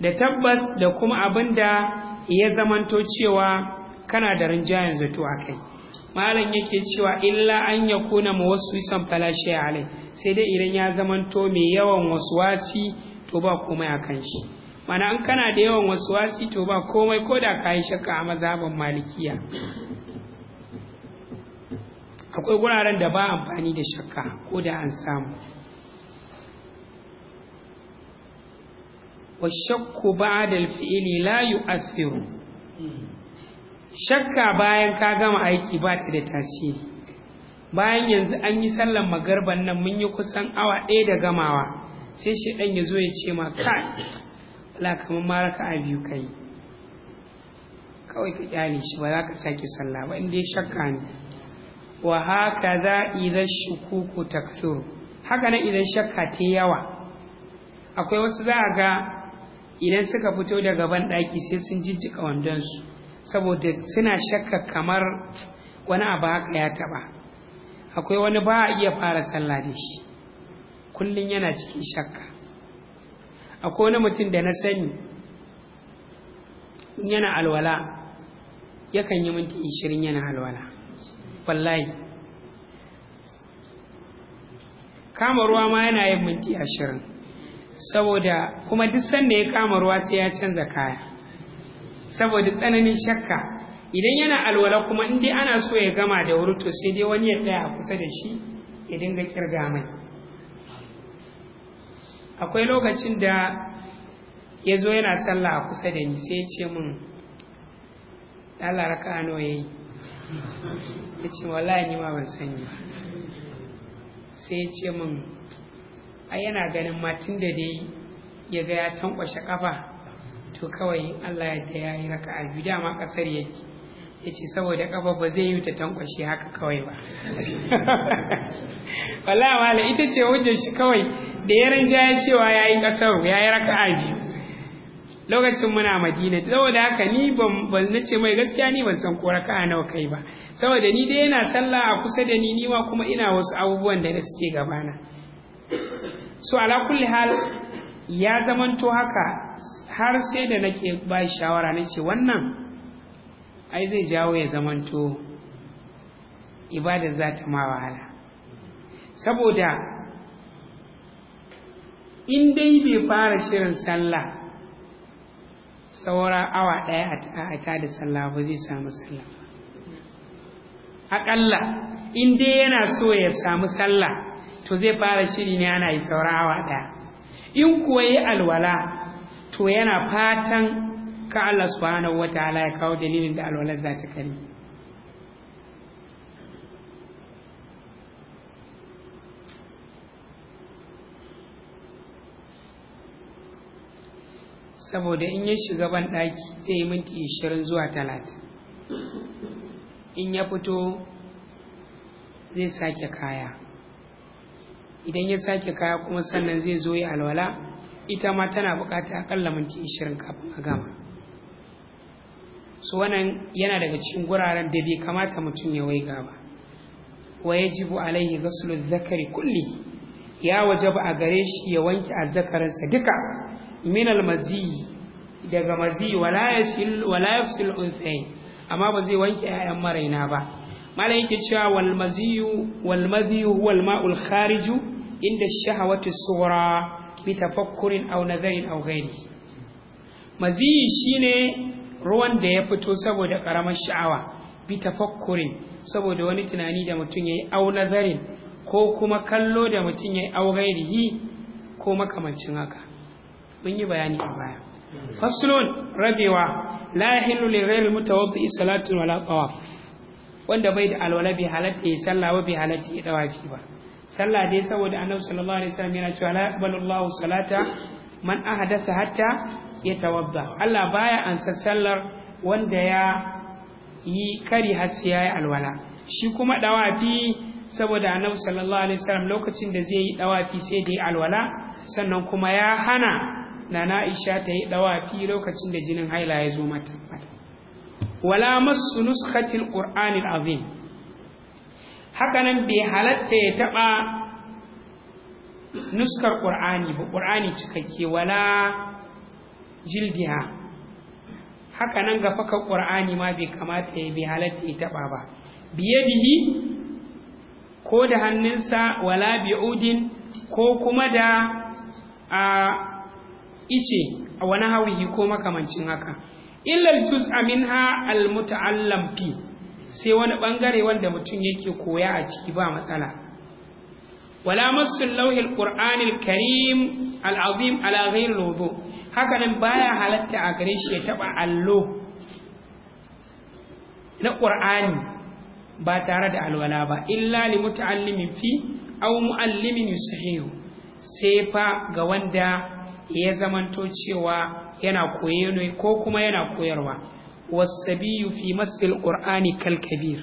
da tabbas da kuma abin da ya zamanto cewa kana da rinjayen zato a kai malam yake cewa illa an ya kuna ma wasu isan falashe alai sai dai idan ya zamanto mai yawan wasu wasi, to ba komai a kan shi mana an kana da yawan wasu wasi, to ba komai ko da ka yi shakka a mazhaban malikiya akwai guraren da ba amfani da shakka ko da an samu wa shakku ba'da al-fi'li la shakka bayan ka gama aiki ba ta da tasiri bayan yanzu an yi sallar magarban nan mun yi kusan awa ɗaya da gamawa sai shi ɗan ya zo ya ce ma kai la kamar maraka a biyu kai kawai ka kyale shi ba za ka sake sallah ba inda ya shakka ne wa haka za idan shukuku taksuru haka nan idan shakka ta yawa akwai wasu za a ga idan suka fito daga banɗaki sai sun wandon wandonsu saboda suna shakka kamar wani abu haka ya taɓa akwai wani ba a iya fara sallah da shi kullum yana cikin shakka akwai wani mutum da na sani yana alwala yakan yi minti ishirin yana alwala wallahi kama ruwa ma yana yin minti ashirin saboda kuma duk sanda ya kama ruwa sai ya canza kaya saboda tsananin shakka idan yana alwala kuma in dai ana so ya gama da wuri to sai dai wani ya tsaya a kusa da shi ya dinga kirga mai akwai lokacin da ya zo yana sallah a kusa da ni sai ya ce min Allah raka nawa yayi ya ce wallahi ni ma ban sani ba sai ya ce min ai yana ganin matin da dai ya ga ya tankwashe kafa to kawai Allah ya ta yayi raka a biyu dama kasar yake ya ce saboda kafa ba zai yi ta tankwashe haka kawai ba wallahi wala ita ce hujjar shi kawai da ya ranja ya cewa ya yi kasar ya yi raka a biyu lokacin muna madina saboda haka ni ban ban nace mai gaskiya ni ban san ko raka nawa kai ba saboda ni dai yana sallah a kusa da ni ni ma kuma ina wasu abubuwan da suke gabana so ala kulli hal ya zamanto haka har sai da nake ba shawara na ce wannan ai zai jawo ya zamanto ibada za ta ma wahala saboda in dai bai fara shirin sallah saura awa ɗaya a ta da sallah ba zai samu sallah aƙalla in dai yana so ya samu sallah to zai fara shiri ne ana yi saurawa ɗaya in kuwa yi alwala to yana fatan ka Allah subhanahu ala ya kawo dalilin da alwala za ta kare saboda in ya shiga ban ɗaki zai yi minti shirin zuwa talatin in ya fito zai sake kaya idan ya sake kaya kuma sannan zai zo ya alwala ita ma tana bukata akalla minti ishirin kafin a gama su wannan yana daga cikin guraren da bai kamata mutum ya waiga ba wa yajibu alaihi ghuslu zakari kulli ya wajaba a gare shi ya wanke azzakarinsa duka min almazi daga mazi wala yasil wala amma ba zai wanke 'ya'yan maraina ba malai cewa wal maziyu wal huwa al khariju inda shahawatu sura bi tafakkurin aw nazarin aw ghairi maziyi shine ruwan da ya fito saboda karamar sha'awa bi tafakkurin saboda wani tunani da mutum yayi aw nazarin ko kuma kallo da mutum yayi aw ghairihi ko makamancin haka mun yi bayani a baya faslun rabewa la yahillu li ghairi mutawaddi salatun wala tawaf wanda bai da alwala bi halatta ya sallah ba bai halatta ya dawafi ba sallah dai saboda annabi sallallahu alaihi wasallam yana cewa la yaqbalu Allahu salata man ahadatha hatta yatawadda Allah baya ansa sallar wanda ya yi kari har sai yayi alwala shi kuma dawafi saboda annabi sallallahu alaihi wasallam lokacin da zai yi dawafi sai da yi alwala sannan kuma ya hana nana Aisha ta yi dawafi lokacin da jinin haila ya zo mata wala masu nuskatil qur'anil azim hakanan bai halatta ya taɓa nuskar ƙur'ani ba ƙur'ani cikakke wala jildiya. hakanan ga fakar ƙur'ani ma bai kamata ya bai halatta ya taɓa ba Biye-bihi, ko da hannunsa wala bi'udin ko kuma da a ice a wani hawihi ko makamancin haka illal tus aminha al-muta'allam fi sai wani bangare wanda mutum yake koya a ciki ba matsala wala masul lauhil qur'anil karim al'azim ala ghairi wudu haka nan baya halatta a gare shi ya taba allo na qur'ani ba tare da alwala ba illa li muta'allimin fi aw mu'allimin yusahihu sai fa ga wanda ya zamanto cewa yana koyo ne ko kuma yana koyarwa wasabiyu fi masil qur'ani kal kabir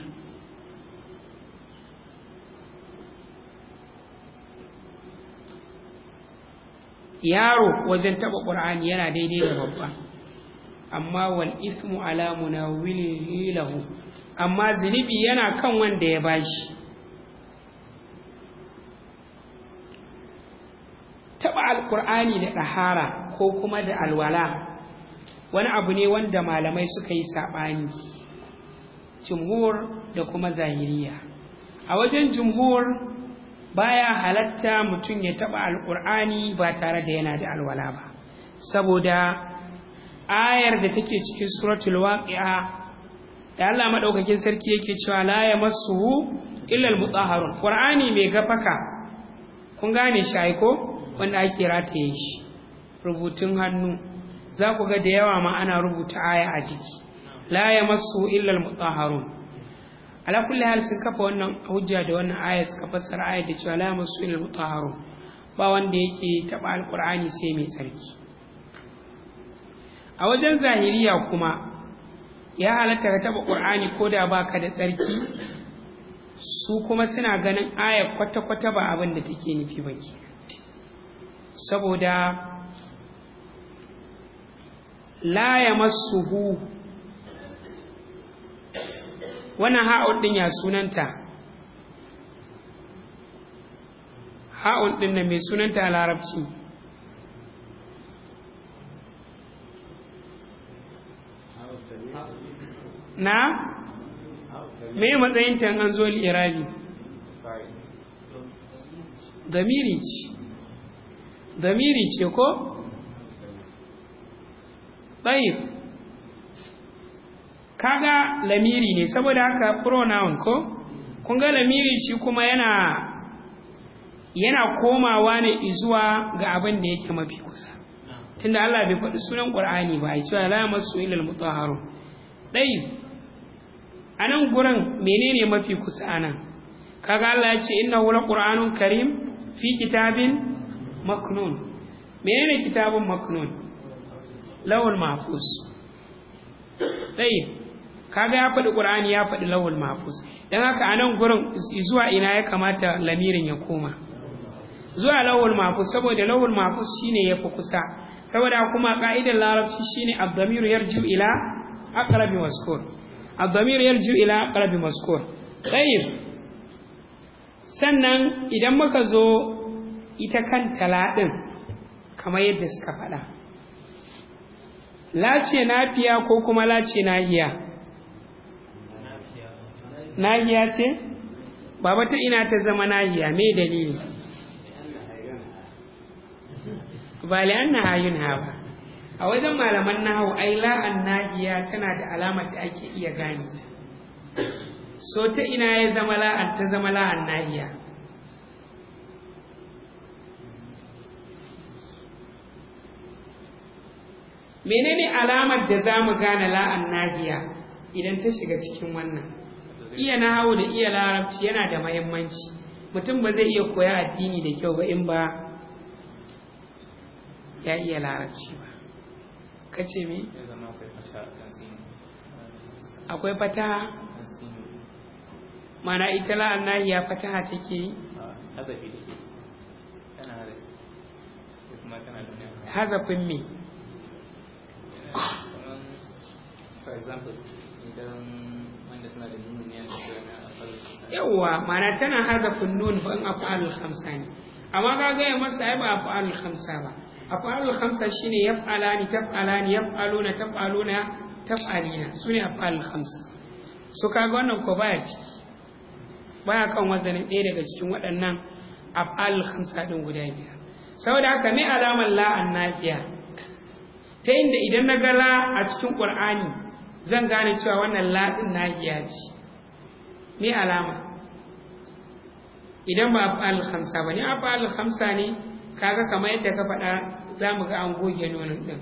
yaro wajen taba qur'ani yana daidai da babba amma wal ismu ala munawwilihi lahu amma zunubi yana kan wanda ya bashi Taɓa Alƙur'ani da ɗahara ko kuma da alwala wani abu ne wanda malamai suka yi saɓani jimhur da kuma zahiriya a wajen jumhur baya halatta mutum ya taɓa alƙur'ani ba tare da yana da alwala ba saboda ayar da take cikin suratul waqi'a da Allah maɗaukakin sarki yake cewa la ya masu illal mutahharun Ƙur'ani mai gafaka kun gane shi ko wanda ake rataye shi rubutun hannu za ku ga da yawa ma ana rubuta aya a jiki la ya masu illal mutaharun ala kulli hal sun kafa wannan hujja da wannan aya suka fassara aya da cewa la ya masu illal mutaharun ba wanda yake taba alqur'ani sai mai tsarki a wajen zahiriya kuma ya halatta ka taba qur'ani ko da baka da tsarki su kuma suna ganin aya kwata-kwata ba abin da take nufi ba saboda la ya masuhu wannan ha'un ɗin ya sunanta ha'un ɗin na mai sunanta a larabci na mai matsayin ta an zo irabi damiri ce ko tsayib kaga lamiri ne saboda haka pronoun ko kun ga lamiri shi kuma yana yana komawa ne zuwa ga abin da yake mafi kusa tunda Allah bai faɗi sunan Qur'ani ba ai cewa la masu ilal mutahharu dai anan gurin menene mafi kusa anan kaga Allah ya ce innahu laqur'anun karim fi kitabin maknun menene kitabin maknun lawal mahfuz tsayin kaga ya faɗi ƙur'ani ya faɗi lawal mahfuz don haka a nan gurin zuwa ina ya kamata lamirin ya koma zuwa lawal mahfuz saboda lawal mahfuz shine ya fi kusa saboda kuma ka'idar larabci shine ad-damir yarju ila aqrabi maskur ad-damir yarju ila aqrabi maskur tsayin sannan idan muka zo ita kan talaɗin kamar yadda suka faɗa lace nafiya ko kuma lace nahiya nahiya ce baba ta ina ta zama nahiya mai dalili ba na hayun hawa a wajen malaman hau ai la'an nahiya tana da alama da ake iya gani so ta ina ya zama la'an ta zama la'an nahiya menene alamar da za mu gane la'an nahiya idan ta shiga cikin wannan iya nahawu da iya larabci yana da mahimmanci mutum ba zai iya koya addini da kyau ba in ba ya iya larabci ba kace me akwai fataha mana ita la'an nahiya fataha take yi hazafin me yawwa mana tana haza kunnun fa a af'alul hamsa ne amma ka gaya masa ai ba af'alul khamsa ba af'alul khamsa shine yaf'alani taf'alani yaf'aluna taf'aluna taf'alina sune af'alul khamsa so kaga wannan ko baya ciki baya kan wazanin ɗaya daga cikin waɗannan af'alul khamsa din guda biyar saboda haka me alamar la'an nafiya ta inda idan na gala a cikin ƙur'ani zan gane cewa wannan na nahiya ce me alama idan ba alhamsa ba ne a ba alhamsa ne kaga kamar yadda ka faɗa za mu ga an goge nonon ɗin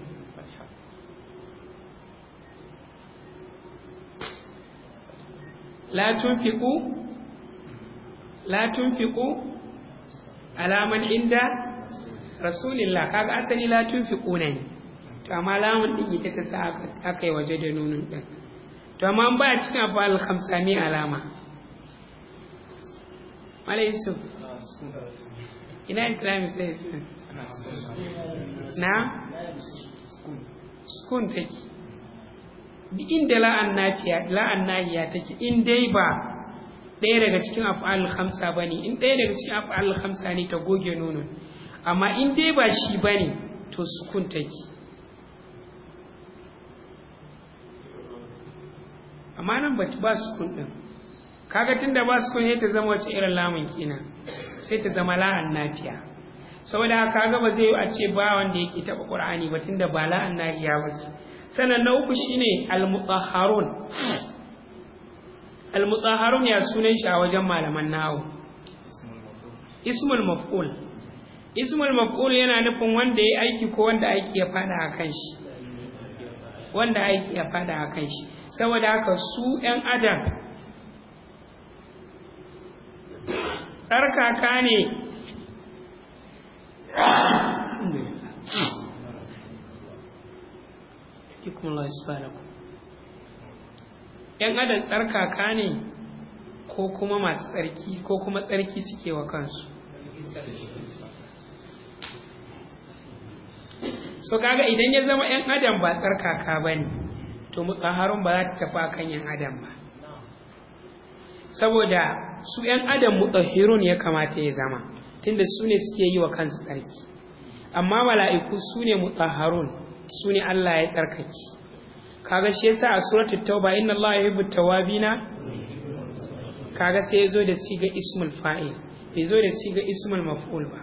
la tunfiqu la tunfiqu alaman inda rasulillah kaga asali la tunfiqu ne to amma lamun din ita ta sa aka yi waje da nunun din to amma ba cikin abu ne alama malai su ina sai states na sukun take inda la'an nafiya la'an nahiya take in dai ba ɗaya daga cikin af'al hamsa ba ne in ɗaya daga cikin af'al hamsa ne ta goge nunun. amma in dai ba shi ba ne to sukun take amma nan ba su kun ɗin kaga tunda ba su kun ta zama wace irin lamun kina sai ta zama la'an nafiya saboda kaga ba zai a ce ba wanda yake taba ƙura'ani ba tun da ba la'an nafiya ba ce sannan na uku shine al al ya sunan shi a wajen malaman nawo ismul maf'ul ismul maf'ul yana nufin wanda ya aiki ko wanda aiki ya faɗa a kan wanda aiki ya fada a kan shi saboda haka su ‘yan adam tsarkaka ne ‘yan adam tsarkaka ne ko kuma masu tsarki ko kuma tsarki suke wa kansu so kaga idan ya zama ‘yan adam ba tsarkaka ba ne to mutsaharun ba za ta tafi kan yan adam ba saboda su yan adam mutahirun ya kamata ya zama tunda su ne suke yi wa kansu tsarki amma mala'iku su ne mutsaharun su ne Allah ya tsarkake kaga shi yasa a suratul tauba inna Allah yuhibbu tawabina kaga sai ya zo da siga ismul fa'il bai zo da siga ismul maf'ul ba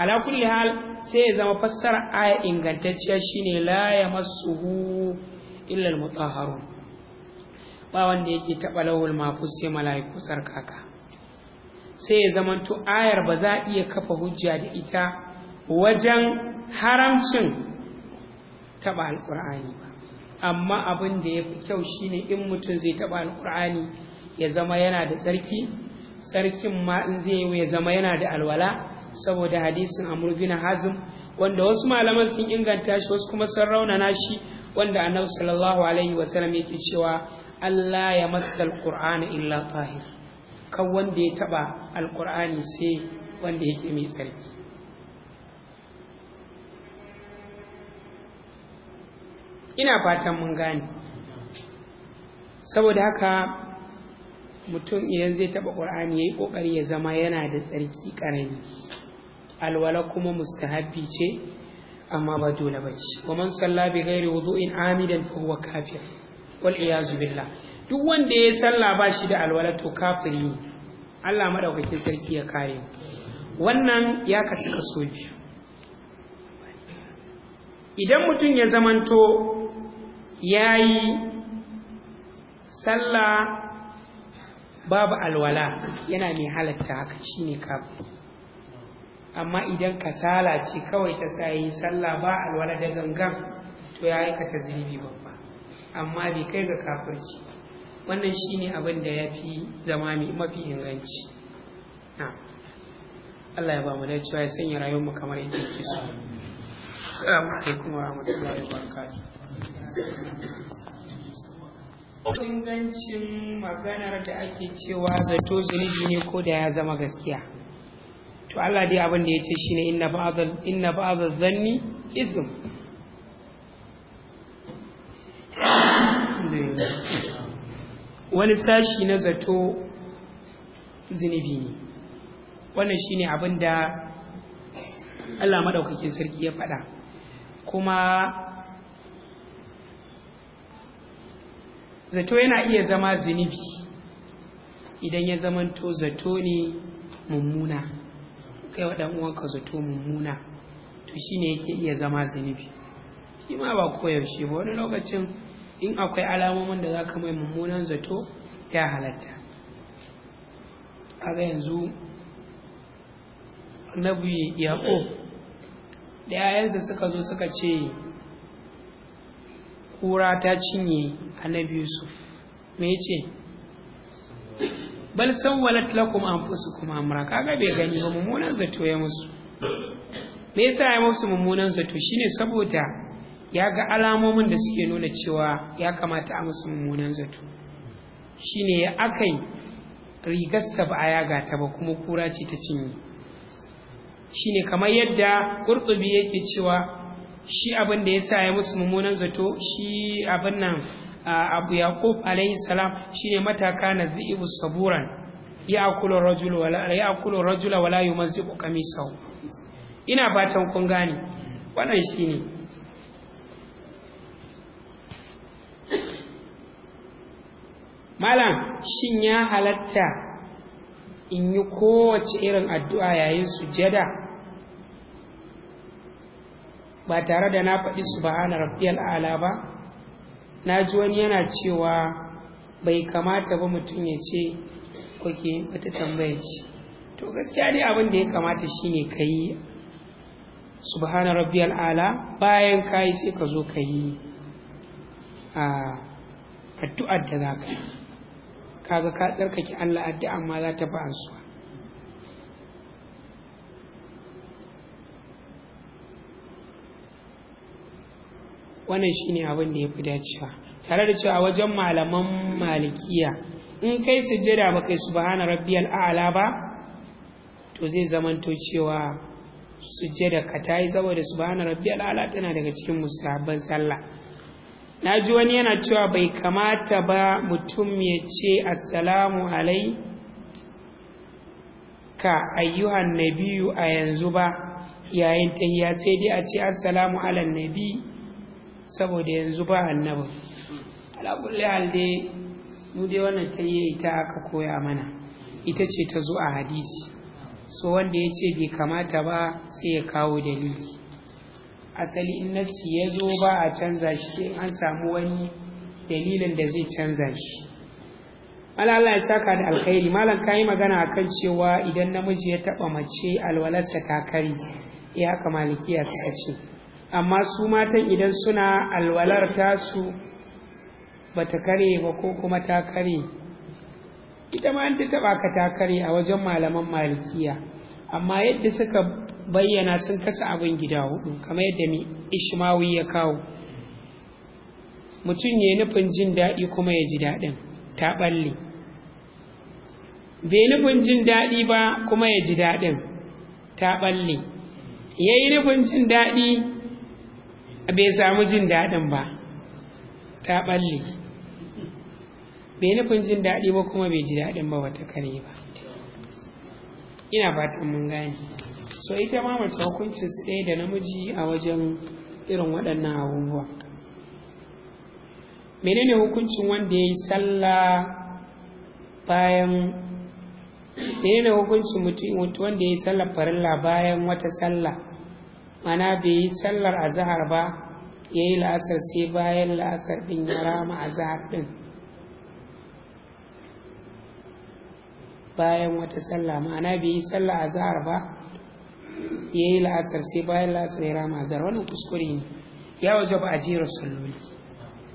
ala kulli hal sai ya zama fassara aya ingantacciya shine la yamassuhu illa al-mutahharun ba wanda yake taɓa lawul mafus sai malaiku sarkaka sai ya zamanto ayar ba za iya kafa hujja da ita wajen haramcin taba Alƙur'ani ba amma abin da yafi kyau shine in mutum zai taba Alƙur'ani ya zama yana da tsarki tsarkin ma in zai ya zama yana da alwala saboda hadisin amr bin hazm wanda wasu malaman sun inganta shi wasu kuma sun raunana shi wanda annabi sallallahu alaihi wa sallam yake cewa Allah ya masa alqur'ana illa tahir kan wanda ya taba alqur'ani sai wanda yake mai tsarki ina fatan mun gane saboda haka mutum idan zai taɓa ƙur'ani yayi yi ƙoƙari ya zama yana da tsarki ƙarami alwala kuma mustahabbi ce amma ba dole ba ce wa man salla bi ghairi in amidan fa huwa kafir wal iyazu billah duk wanda ya salla ba shi da alwala to kafiri ne Allah madaukakin sarki ya kare wannan ya kasu kaso biyu idan mutum ya zamanto ya yi sallah babu alwala yana mai halatta haka shine kafiri amma idan kasala ce kawai ta sa yi sallah ba alwala da gangan to ya aikata zunubi babba amma bai kai ga kafirci wannan shine abin da ya fi zama mafi inganci na Allah ya ba mu da cewa ya sanya rayuwar mu kamar yadda yake so assalamu alaikum wa rahmatullahi wa barakatuh ingancin maganar da ake cewa zato zunubi ne ko da ya zama gaskiya to Allah dai abin da ya ce shi ne inna ba'dhal zanni izin wani sashi na zato zunubi ne wannan shi ne abin da Allah maɗaukakin sarki ya faɗa kuma zato yana iya zama zunubi idan ya zamanto zato ne mummuna kai wa dan uwanka zato mummuna to shi ne yake iya zama zunubi shi ma ba koyaushe ba wani lokacin in akwai alamomin da za ka mai mummunan zato ya halatta kaga yanzu annabi yaƙo da yayansa suka zo suka ce kura ta cinye a annabi yusuf me ce bal sawwalat lakum anfusukum amra kaga bai gani ba mummunan zato ya musu me yasa ya musu mummunan zato shine saboda ya ga alamomin da suke nuna cewa ya kamata a musu mummunan zato shine ya akai rigarsa ba a yaga ta ba kuma kura ce ta cinye shine kamar yadda qurtubi yake cewa shi abin da yasa ya musu mummunan zato shi abin nan abu yaqub alayhi salam shine mataka na zibu saburan ya'kulu rajul wala ya'kulu rajul wala qamisahu ina fatan kun gane wannan shine malam shin ya halatta in yi kowace irin addu'a yayin sujada ba tare da na faɗi subhana rabbiyal a'la ba na ji wani yana cewa bai kamata ba mutum ya ce kwake wata tambaya ce to gaskiya dai abin da ya kamata shine ka yi subhana rabbi al'ala bayan ka yi sai ka zo ka yi a addu'ar da za ka yi kaga ka tsarkake Allah addu'a ma za ta ba ansuwa wannan ne abin da ya fi dacewa tare da cewa wajen malaman malikiya in kai sujjada ba kai subhana rabbiyal a'la ba to zai zamanto cewa sujjada ka yi saboda subhana rabbiyal a'la tana daga cikin mustahabban sallah na ji wani yana cewa bai kamata ba mutum ya ce assalamu alai ka ayyuhan nabiyu a yanzu ba yayin tahiya sai dai a ce assalamu alan nabi saboda yanzu ba annabin alakulli halde mu dai wannan ta yi ita aka koya mana ita ce ta zo a hadisi so wanda ya ce bai kamata ba sai ya kawo dalili asali in nassi ya zo ba a canza shi an samu wani dalilin da zai canza shi Allah ya saka da alkhairi malam kayi magana a kan cewa idan namiji ya taba mace alwalarsa ta kari ya eh, haka malikiya suka ce amma su matan idan suna alwalar tasu ba ta kare ba ko kuma ta kare ita ma ta taba ka ta kare a wajen malaman malikiya amma yadda suka bayyana sun kasa abin gida hudu kamar yadda mai ishmawi ya kawo mutum ya nufin jin daɗi kuma ya ji daɗin ta ɓalle bai nufin jin daɗi ba kuma ya ji daɗin ta ɓalle ya yi nufin jin daɗi bai samu jin daɗin ba ta ɓalle bai nufin jin daɗi ba kuma bai ji daɗin ba wata kare ba ina fatan mun gane so ita ma mace hukuncin su ɗaya da namiji a wajen irin waɗannan abubuwa menene hukuncin wanda ya yi sallah bayan menene hukuncin mutum wanda ya yi sallah farilla bayan wata sallah mana bai yi sallar azahar ba ya yi la'asar sai bayan la'asar ɗin ya rama azahar ɗin bayan wata sallah ma'ana bai yi sallar azahar ba ya yi la'asar sai bayan la'asar ya rama azahar wannan kuskure ne ya waje ba a jera salloli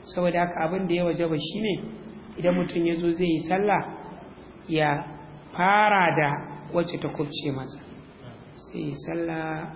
saboda haka abin da ya waje ba shine idan mutum ya zo zai yi sallah ya fara da wacce ta kubce masa sai sallah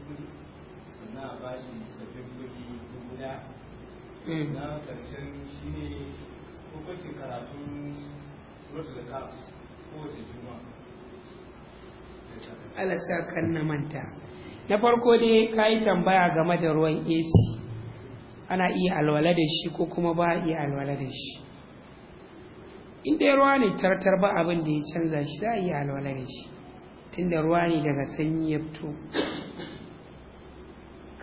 na ba shi sabbin kuɗi dubu ɗaya hmm. na ƙarshen shi ne hukuncin karatun suratul kaf kowace juma'a Allah sa kan na manta na farko dai ka yi tambaya game da ruwan AC ana iya alwala da shi ko kuma ba a iya alwala da shi in dai ruwa ne tartar ba abin da ya canza shi za a iya alwala da shi tunda ruwa ne daga sanyi ya fito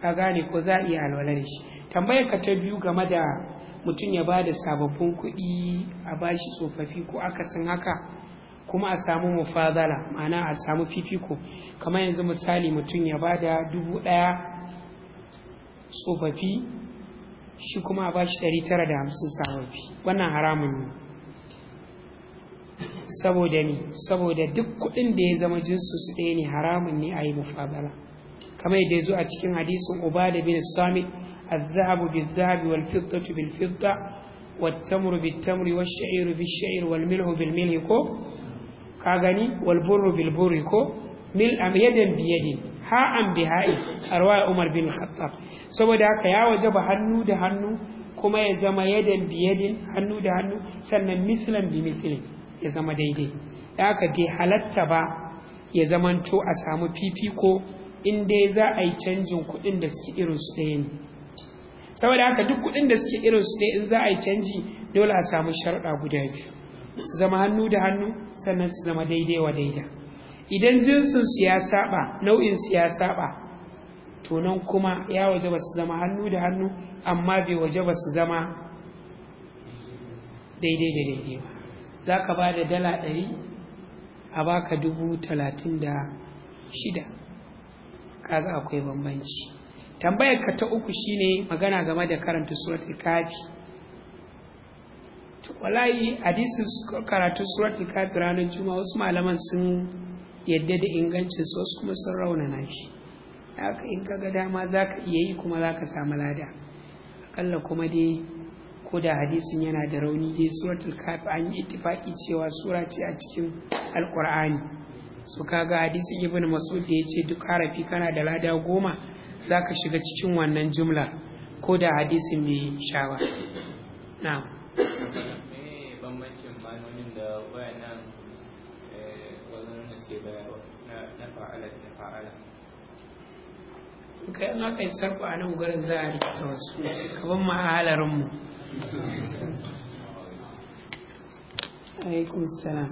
ka gane ko za a iya alwala da shi tambayar ka ta biyu game da mutum ya ba da sababbin kuɗi a bashi tsofaffi ko akasin haka kuma a samu mufadala ma'ana a samu fifiko kamar yanzu misali mutum ya ba da dubu ɗaya tsofaffi shi kuma a bashi ɗari tara da hamsin sababbi wannan haramun ne saboda ni saboda duk kuɗin da ya zama jinsu su ɗaya ne haramun ne a yi mufadala kamar yadda zo a cikin hadisin ubada bin samit الذهب بالذهب والفضة بالفضة والتمر بالتمر والشعير بالشعير والملح بالملح كو كاغني والبر بالبر كو مل أم يدا بيد ها أم بهاء أرواي عمر بن الخطاب سو داك يا وجب هنو ده هنو كما يزما يدا بيد هنو ده هنو سنة مثلا بمثل يزما ديدي داك بي حلت با يزمن تو أسامو فيفي كو in dai za a yi canjin kuɗin da suke irin su ɗaya ne saboda haka duk kuɗin da suke irin su ɗaya in za a yi canji dole a samu sharɗa guda biyu su zama hannu da hannu sannan su zama daidai wa daida idan jinsin su ya saba nau'in su ya saba to nan kuma ya waje ba su zama hannu da hannu amma bai waje ba su zama daidai da daidai ba za ka ba da dala ɗari a baka dubu talatin da shida kaga akwai bambanci tambayar ka ta uku shine magana game da karanta suratul kafi to wallahi hadisin karatu suratul kafi ranar juma'a wasu malaman sun yadda da ingancin su wasu kuma sun raunana shi haka in ka ga dama za ka iya yi kuma za ka samu lada akalla kuma dai ko da hadisin yana da rauni dai suratul kafi an yi ittifaki cewa sura ce a cikin alkur'ani su kaga hadisin ibn mas'ud da yace duk harafi kana da lada goma zaka shiga cikin wannan jumla ko da hadisi mai shawa? ba na'am da eh, na fa'ala kai an aka yi sarku a nan gurin za a rikita wasu kaban ma'ahalarinmu alaikun salam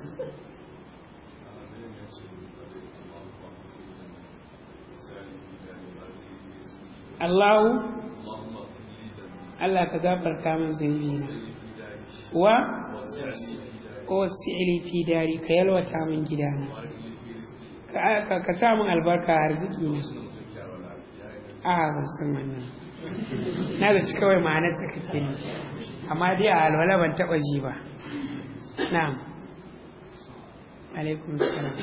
Allah, Allah ka gafarta min zunubi na wa wasi'ili fi dari ka yalwata min gidana ka sa min albarka arziki na a ban san wannan na da ci kawai ma'anar sa kake ne amma dai a alwala ban taba ji ba na'am alaikum salam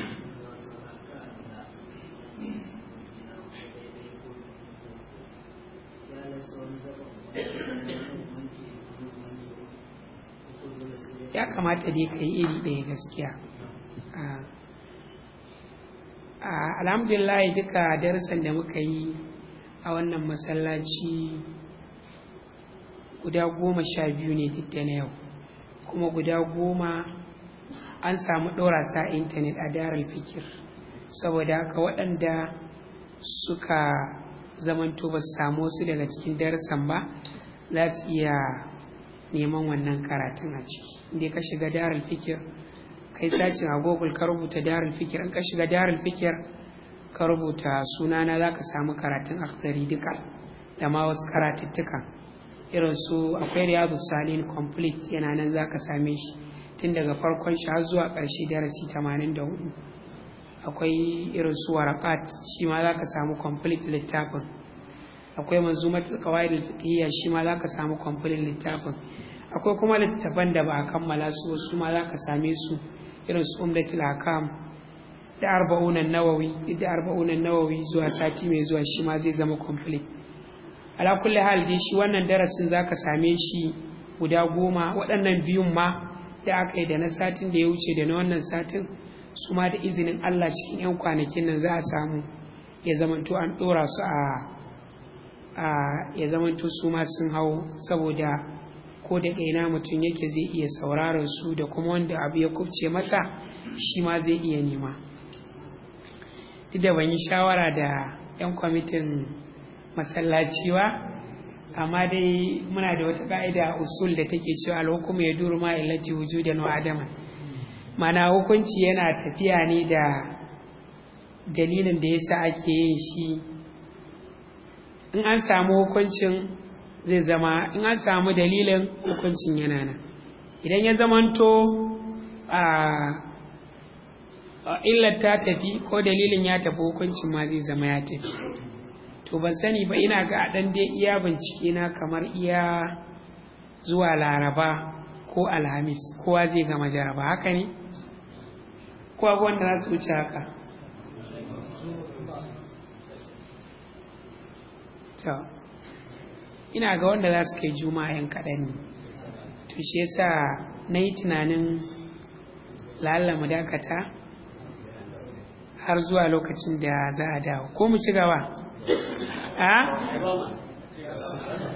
ya kamata dai ka yi iri ɗaya gaskiya alhamdulillah duka darasan da muka yi a wannan masallaci guda goma sha biyu ne duk da na yau kuma guda goma an samu ɗora sa intanet a darar fikir saboda haka waɗanda suka zamanto ba su samu wasu daga cikin darasan ba za su iya neman wannan karatun a ciki inda ka shiga darar fikir kai sacin a google ka rubuta darar fikir in ka shiga darar fikir ka rubuta sunana za ka samu karatun akhtari duka da ma wasu karatuttuka irin su akwai riyadu salin complete yana nan za ka same shi tun daga farkon shi har zuwa ƙarshe darasi 84 akwai irin su warakat shi ma za ka samu complete littafin akwai manzu kawai da tafiya shi ma za ka samu complete littafin akwai kuma littattafan da ba a kammala su su ma za ka same su irin su umar tilakam da arba'unan nawawi da arba'unan nawawi zuwa sati mai zuwa shi ma zai zama complete ala kulli hal dai shi wannan darasin za ka same shi guda goma waɗannan biyun ma da aka yi da na satin da ya wuce da na wannan satin su ma da izinin Allah cikin 'yan kwanakin nan za a samu ya zamanto an ɗora su a ya zamanto su ma sun hau saboda ko da ɗaina mutum yake zai iya sauraron su da kuma wanda abu ya kubce masa shi ma zai iya nema duk da ban yi shawara da 'yan kwamitin masallaci ba amma dai muna da wata ƙa'ida usul da take cewa alhukuma ya duru ma illati wujudan wa Adaman. mana hukunci yana tafiya ne da dalilin da ya sa ake yin shi in an samu hukuncin zai zama in an samu dalilin hukuncin yana nan idan ya zamanto a illar ta tafi ko dalilin ya tafi hukuncin ma zai zama ya tafi to ban sani ba ina ga a ɗan dai iya bincike na kamar iya zuwa laraba ko alhamis kowa zai gama jaraba haka ne ko abubuwan da za su wuce haka ina ga wanda za su kai juma'a yan kaɗan ne to shi yasa na yi tunanin lalla mu dakata har zuwa lokacin da za a dawo ko mu ci gaba a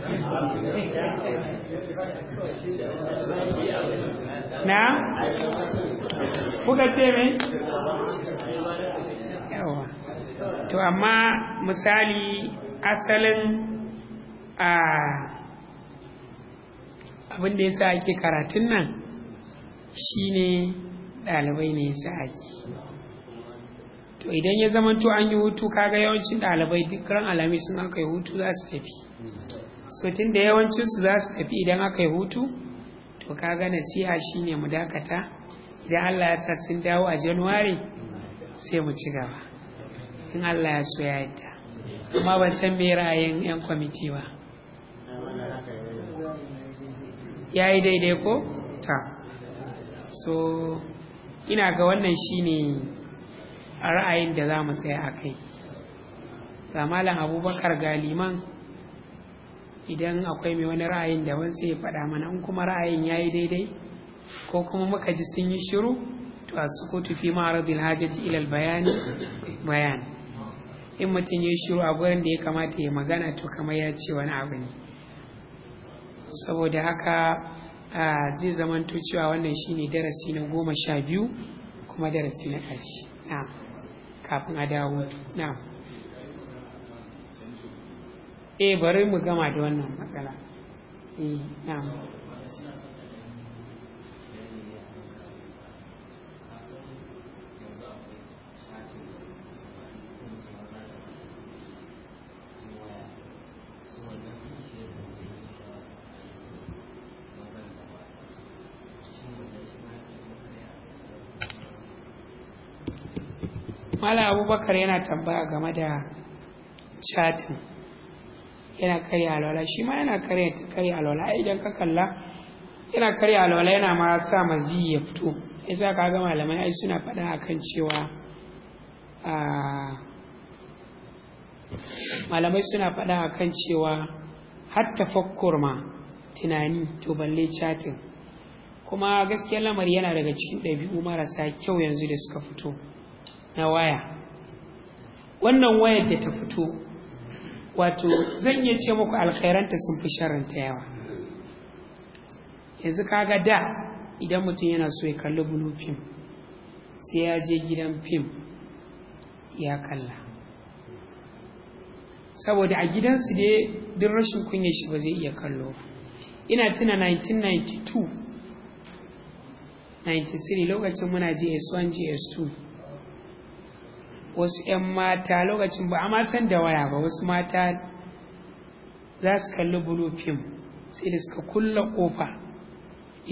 Thank you. na kuka ce mai yawa to amma misali asalin abin da ya sa ake karatun nan shine ɗalibai ne ya sa ake to idan ya zama to an yi hutu kaga yawancin ɗalibai duk ran alhamis sun aka yi hutu za su tafi so tun da yawancinsu za su tafi idan aka yi hutu to kaga nasiha shine mu dakata idan Allah ya sa sun dawo a Januwari sai mu ci gaba in Allah ya so ya yadda amma ban san me ra'ayin yan kwamiti ba ya yi daidai ko ta so ina ga wannan shine a ra'ayin da za mu tsaya a kai malam abubakar galiman idan akwai mai wani ra'ayin da wani sai ya faɗa mana in kuma ra'ayin ya yi daidai ko kuma muka ji sun yi shiru to a su kotu fi bin hajji ilal bayani bayan in mutum ya shiru a gurin da ya kamata ya magana to kamar ya ce wani abu ne saboda haka zai zamanto cewa wannan shine darasi na goma sha biyu kuma darasi na ƙarshe na kafin a dawo na eh bari mu gama da wannan matsala eh, Mala Abubakar yana tambaya game da chatin. yana karya alwala shi ma yana karya ta karya alwala idan ka kalla yana karya alwala yana ma sa mazi ya fito yasa ka ga malamai ai suna faɗa akan cewa malamai suna faɗa akan cewa har fakkur ma tunani to balle chatin kuma gaskiyar lamari yana daga cikin ɗabi'u marasa kyau yanzu da suka fito na waya wannan wayar da ta fito wato zan iya ce muku alkhairanta sun fi sharanta yawa yanzu kaga da idan mutum yana so ya kalli bulu fim sai ya je gidan fim ya kalla saboda a gidansu dai duk rashin kunya shi ba zai iya kallo ina tuna 1992 93 lokacin muna js1 gs 2 wasu 'yan mata lokacin ba a san da waya ba wasu mata za su kalli bulofin. fim sai da suka kulla kofa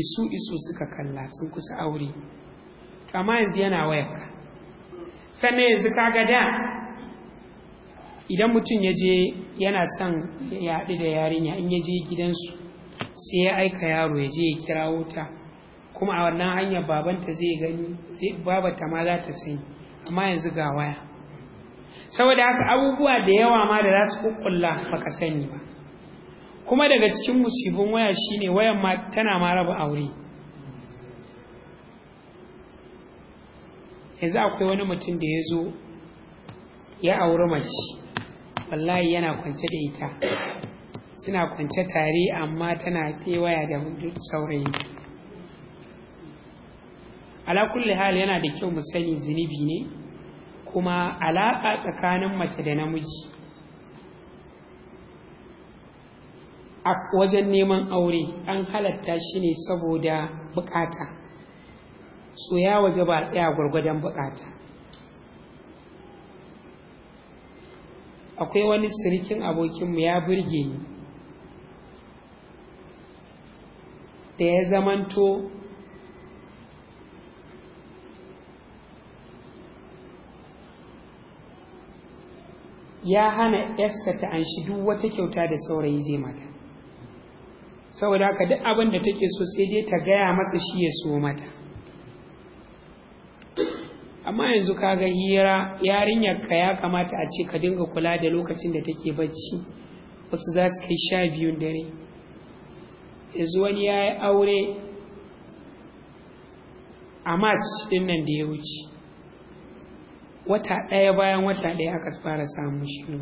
isu isu suka kalla sun kusa aure amma yanzu yana wayarka sannan yanzu kaga da idan mutum ya je yana son ya haɗu da yarinya in ya je gidansu sai ya aika yaro ya je ya kira wuta kuma a wannan hanyar babanta zai gani babata ma za ta sani amma yanzu ga waya saboda haka abubuwa da yawa ma da za su kukkulla baka sani ba kuma daga cikin musibin waya shine wayan ma tana ma raba aure yanzu akwai wani mutum da ya zo ya auri mace wallahi yana kwance da ita suna kwance tare amma tana waya da saurayi ala kulli hal yana da kyau mu sani zunubi ne kuma alaƙa tsakanin mace da namiji a wajen neman aure an halatta shi ne saboda bukata so ya waje ba tsaya gwargwadon bukata akwai wani sirikin abokinmu ya burge ni da ya zamanto ya hana yarsa ta anshi duk wata kyauta da saurayi zai mata saboda haka duk abin da take so sai dai ta gaya masa shi ya so mata amma yanzu kaga hira yarinyar ka ya kamata a ce ka dinga kula da lokacin da take bacci wasu za su kai sha biyun dare yanzu wani ya yi aure a march din nan da ya wuce wata ɗaya bayan wata ɗaya aka fara samun shi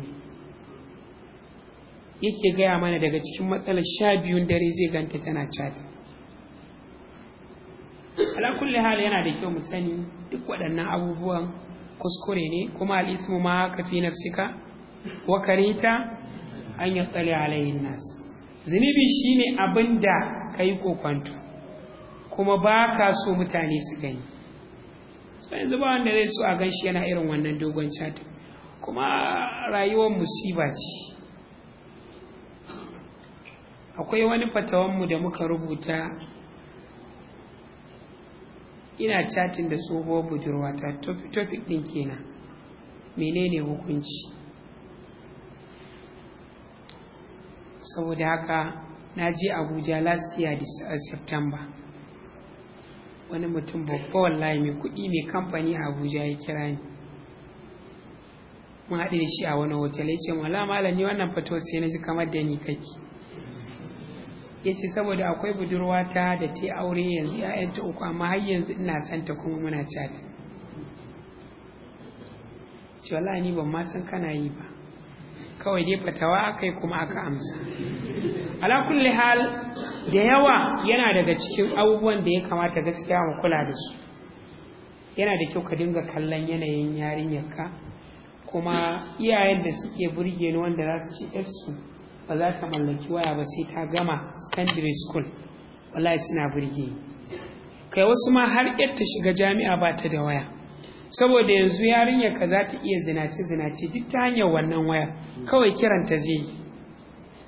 yake gaya mana daga cikin matsalar sha biyun dare zai ganta tana cata alakulli hali yana da kyau mu sani duk waɗannan abubuwan kuskure ne kuma Ismu ma ka fi nafsika wa karita an yi tsale alayhin nas zunubi shine abin da ka yi kokwanto kuma ba ka so mutane su gani yanzu ba wanda zai so a gan yana irin wannan dogon cata kuma rayuwar musiba ce akwai wani fatawanmu da muka rubuta ina chatin da tsohuwar budurwata topic din kenan menene hukunci saboda haka na je abuja last year uh, september wani mutum babba wallahi mai kuɗi mai kamfani a abuja ya kira ni mun haɗe da shi a wani hotel ya ce wala malam ni wannan fito sai na ji kamar da ni kake ya ce saboda akwai budurwa ta da ta aure yanzu ‘ya'yanta uku amma har yanzu ina ta kuma muna cati ce wala ni ban ma san kana yi ba kawai dai fatawa kai kuma aka amsa ala kulli hal da yawa yana daga cikin abubuwan da ya kamata gaskiya mu kula da su yana da kyau ka dinga kallon yanayin yarinyarka kuma iyayen da suke burge ni wanda za su ci su ba za ta mallaki waya ba sai ta gama secondary school wallahi suna burge kai wasu ma har yadda shiga jami'a ba ta da waya saboda yanzu yarinya ka za ta iya zinace zinace duk ta hanyar wannan waya kawai kiranta zai yi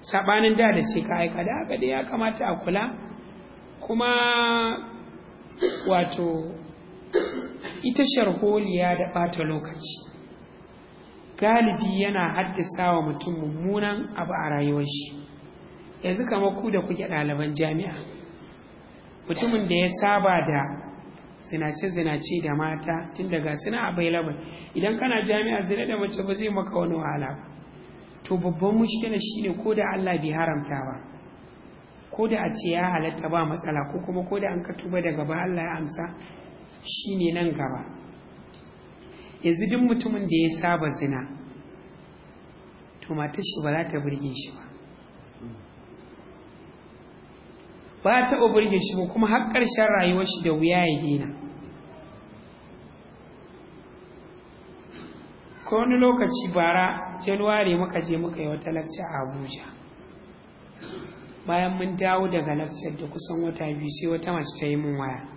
sabanin da da sai ka aika da haka da ya kamata a kula kuma wato ita sharholiya da ɓata lokaci galibi yana haddasa wa mutum mummunan abu a rayuwar shi yanzu kamar ku da kuke ɗaliban jami'a mutumin da ya saba da zinace-zinace da mata tun daga suna available idan kana jami'a zina da mace ba zai maka wani wahala ba to babban mushkila ne ko da Allah bai haramta ba ko da a ce ya halatta ba matsala ko kuma ko da an ka tuba daga ba Allah ya amsa shi ne nan gaba yanzu duk mutumin da ya saba zina to matar shi ba za ta burge shi ba ba ta taɓa shi kuma har ƙarshen rayuwar shi da wuya ya dina ko wani lokaci bara januwari muka je muka yi wata lakci a abuja bayan mun dawo daga lakcar da kusan wata biyu sai wata mace ta yi mun waya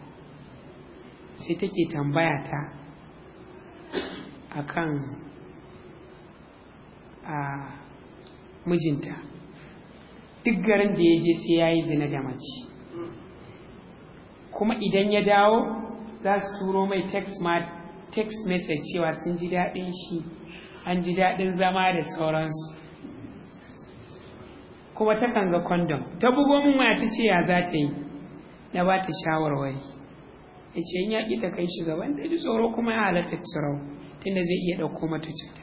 sai take tambaya ta akan a ah, mijinta duk garin da ya je sai ya yi zina da mace kuma idan ya dawo za su turo mai text message cewa sun ji daɗin shi an ji daɗin zama da sauransu kuma takan ga kondom ta bugo min waya ce ya za ta yi na ba ta shawarwari ya ce ya ƙi ta kai shi gaban da ji tsoro kuma ya halatta tsirau tunda zai iya ɗauko mata cuta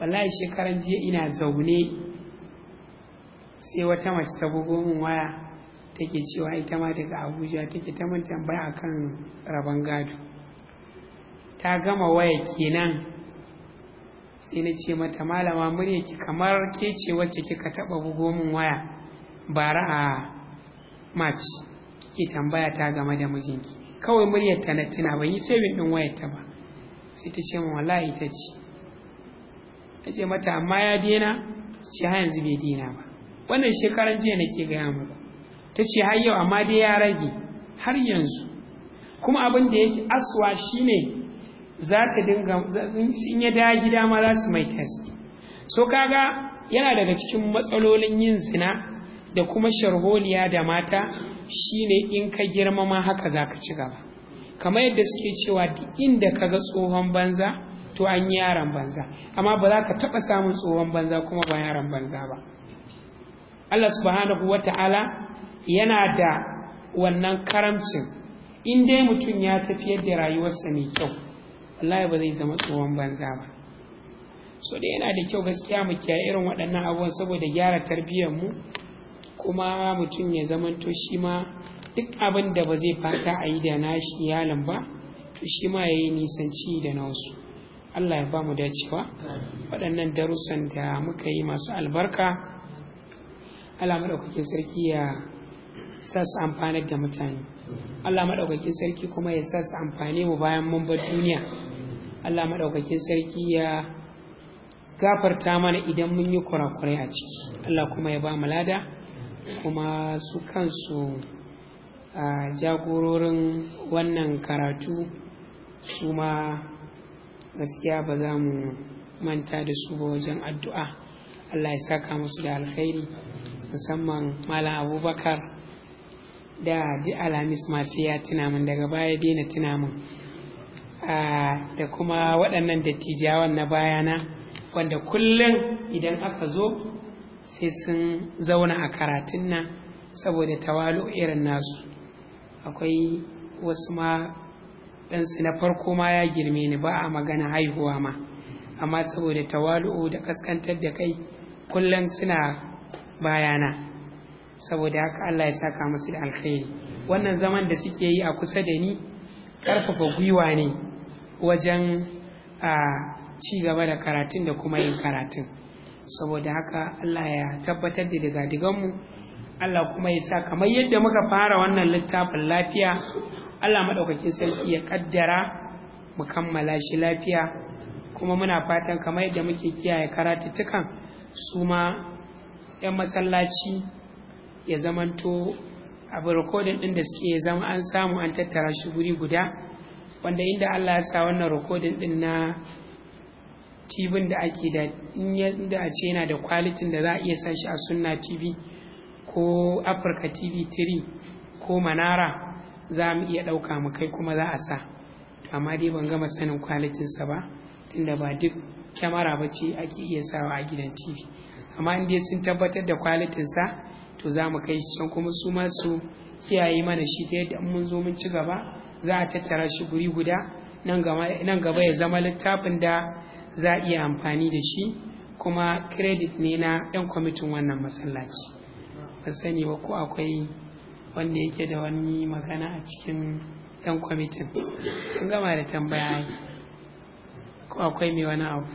wallahi shekaran jiya ina zaune sai wata mace ta bugo min waya take cewa ita ma daga abuja take ta min tambaya akan rabon gado ta gama waya kenan sai na ce mata malama ki kamar ke ce wacce kika taba bugo min waya bara a match kike tambaya ta game da mijinki kawai muryar ta na tuna ban yi saving din wayar ta ba sai ta ce min wallahi ta ce ta ce mata amma ya dena ce ha yanzu bai dena ba wannan shekaran jiya nake gaya maka ta ce har yau amma dai ya rage har yanzu kuma abin da yake aswa shine za ta dinga in ya da gida ma za su mai test so kaga yana daga cikin matsalolin yin zina da kuma sharholiya da mata shine in ka girma haka za ka ci gaba kamar yadda suke cewa duk inda ka ga tsohon banza to an yi yaron banza amma ba za ka taɓa samun tsohon banza kuma ba yaran banza ba Allah subhanahu wa ta'ala yana da wannan karamcin in dai mutum ya tafiyar da rayuwarsa mai kyau wallahi ba zai zama tsohon banza ba so da yana da kyau gaskiya mu kiyaye irin waɗannan abubuwan saboda gyara tarbiyyar mu kuma mutum ya zamanto shi ma duk abin da ba zai fata a yi da nashi iyalin ba to shi ma ya yi nisanci da na wasu Allah ya ba mu dacewa waɗannan darussan da muka yi masu albarka Allah maɗaukakin sarki ya sa su amfanar da mutane Allah maɗaukakin sarki kuma ya sa su amfane mu bayan mun bar duniya Allah maɗaukakin sarki ya gafarta mana idan mun yi kurakurai a ciki Allah kuma ya ba mu lada kuma su kansu a jagororin wannan karatu su ma gaskiya ba za mu manta da su ba wajen addu'a Allah ya saka musu da alkhairi musamman malam abubakar da di alhamis masu ya tuna min daga baya daina tuna min da kuma waɗannan dattijawan na bayana wanda kullum idan aka zo sai sun zauna a karatun nan saboda tawalu irin nasu akwai wasu ma ɗansu na farko ma ya girme ni ba a magana haihuwa ma amma saboda tawalu'u da kaskantar da kai kullum suna bayana saboda haka Allah ya saka masu da alkhairi wannan zaman da suke yi a kusa da ni karfafa gwiwa ne wajen a ci gaba da karatun da kuma yin karatun saboda haka Allah ya tabbatar da diganmu Allah kuma ya sa kamar yadda muka fara wannan littafin lafiya Allah maɗaukakin sarki ya ƙaddara mu kammala shi lafiya kuma muna fatan kamar yadda muke kiyaye karatuttukan su ma 'yan masallaci ya zamanto a rikodin ɗin da suke zama an samu an tattara shi guri guda wanda inda allah ya sa wannan rikodin ɗin na TV da ake da inda a ce yana da kwalitin da za a iya sa a sunna tv ko afirka tv 3 ko manara za mu iya ɗauka mu kai kuma za a sa amma dai ban gama sanin kwalitinsa ba tunda ba duk kyamara ba ce ake iya sawa a gidan tv amma in dai sun tabbatar da kwalitinsa to za mu kai shi can kuma su masu kiyaye mana shi ta yadda mun zo mun ci gaba za a tattara shi guri guda nan gaba ya zama littafin da za a iya amfani da shi kuma kiredit ne na 'yan kwamitin wannan masallaci sani ba ko akwai wanda yake da wani magana a cikin 'yan kwamitin gama da tambaya ko akwai mai wani abu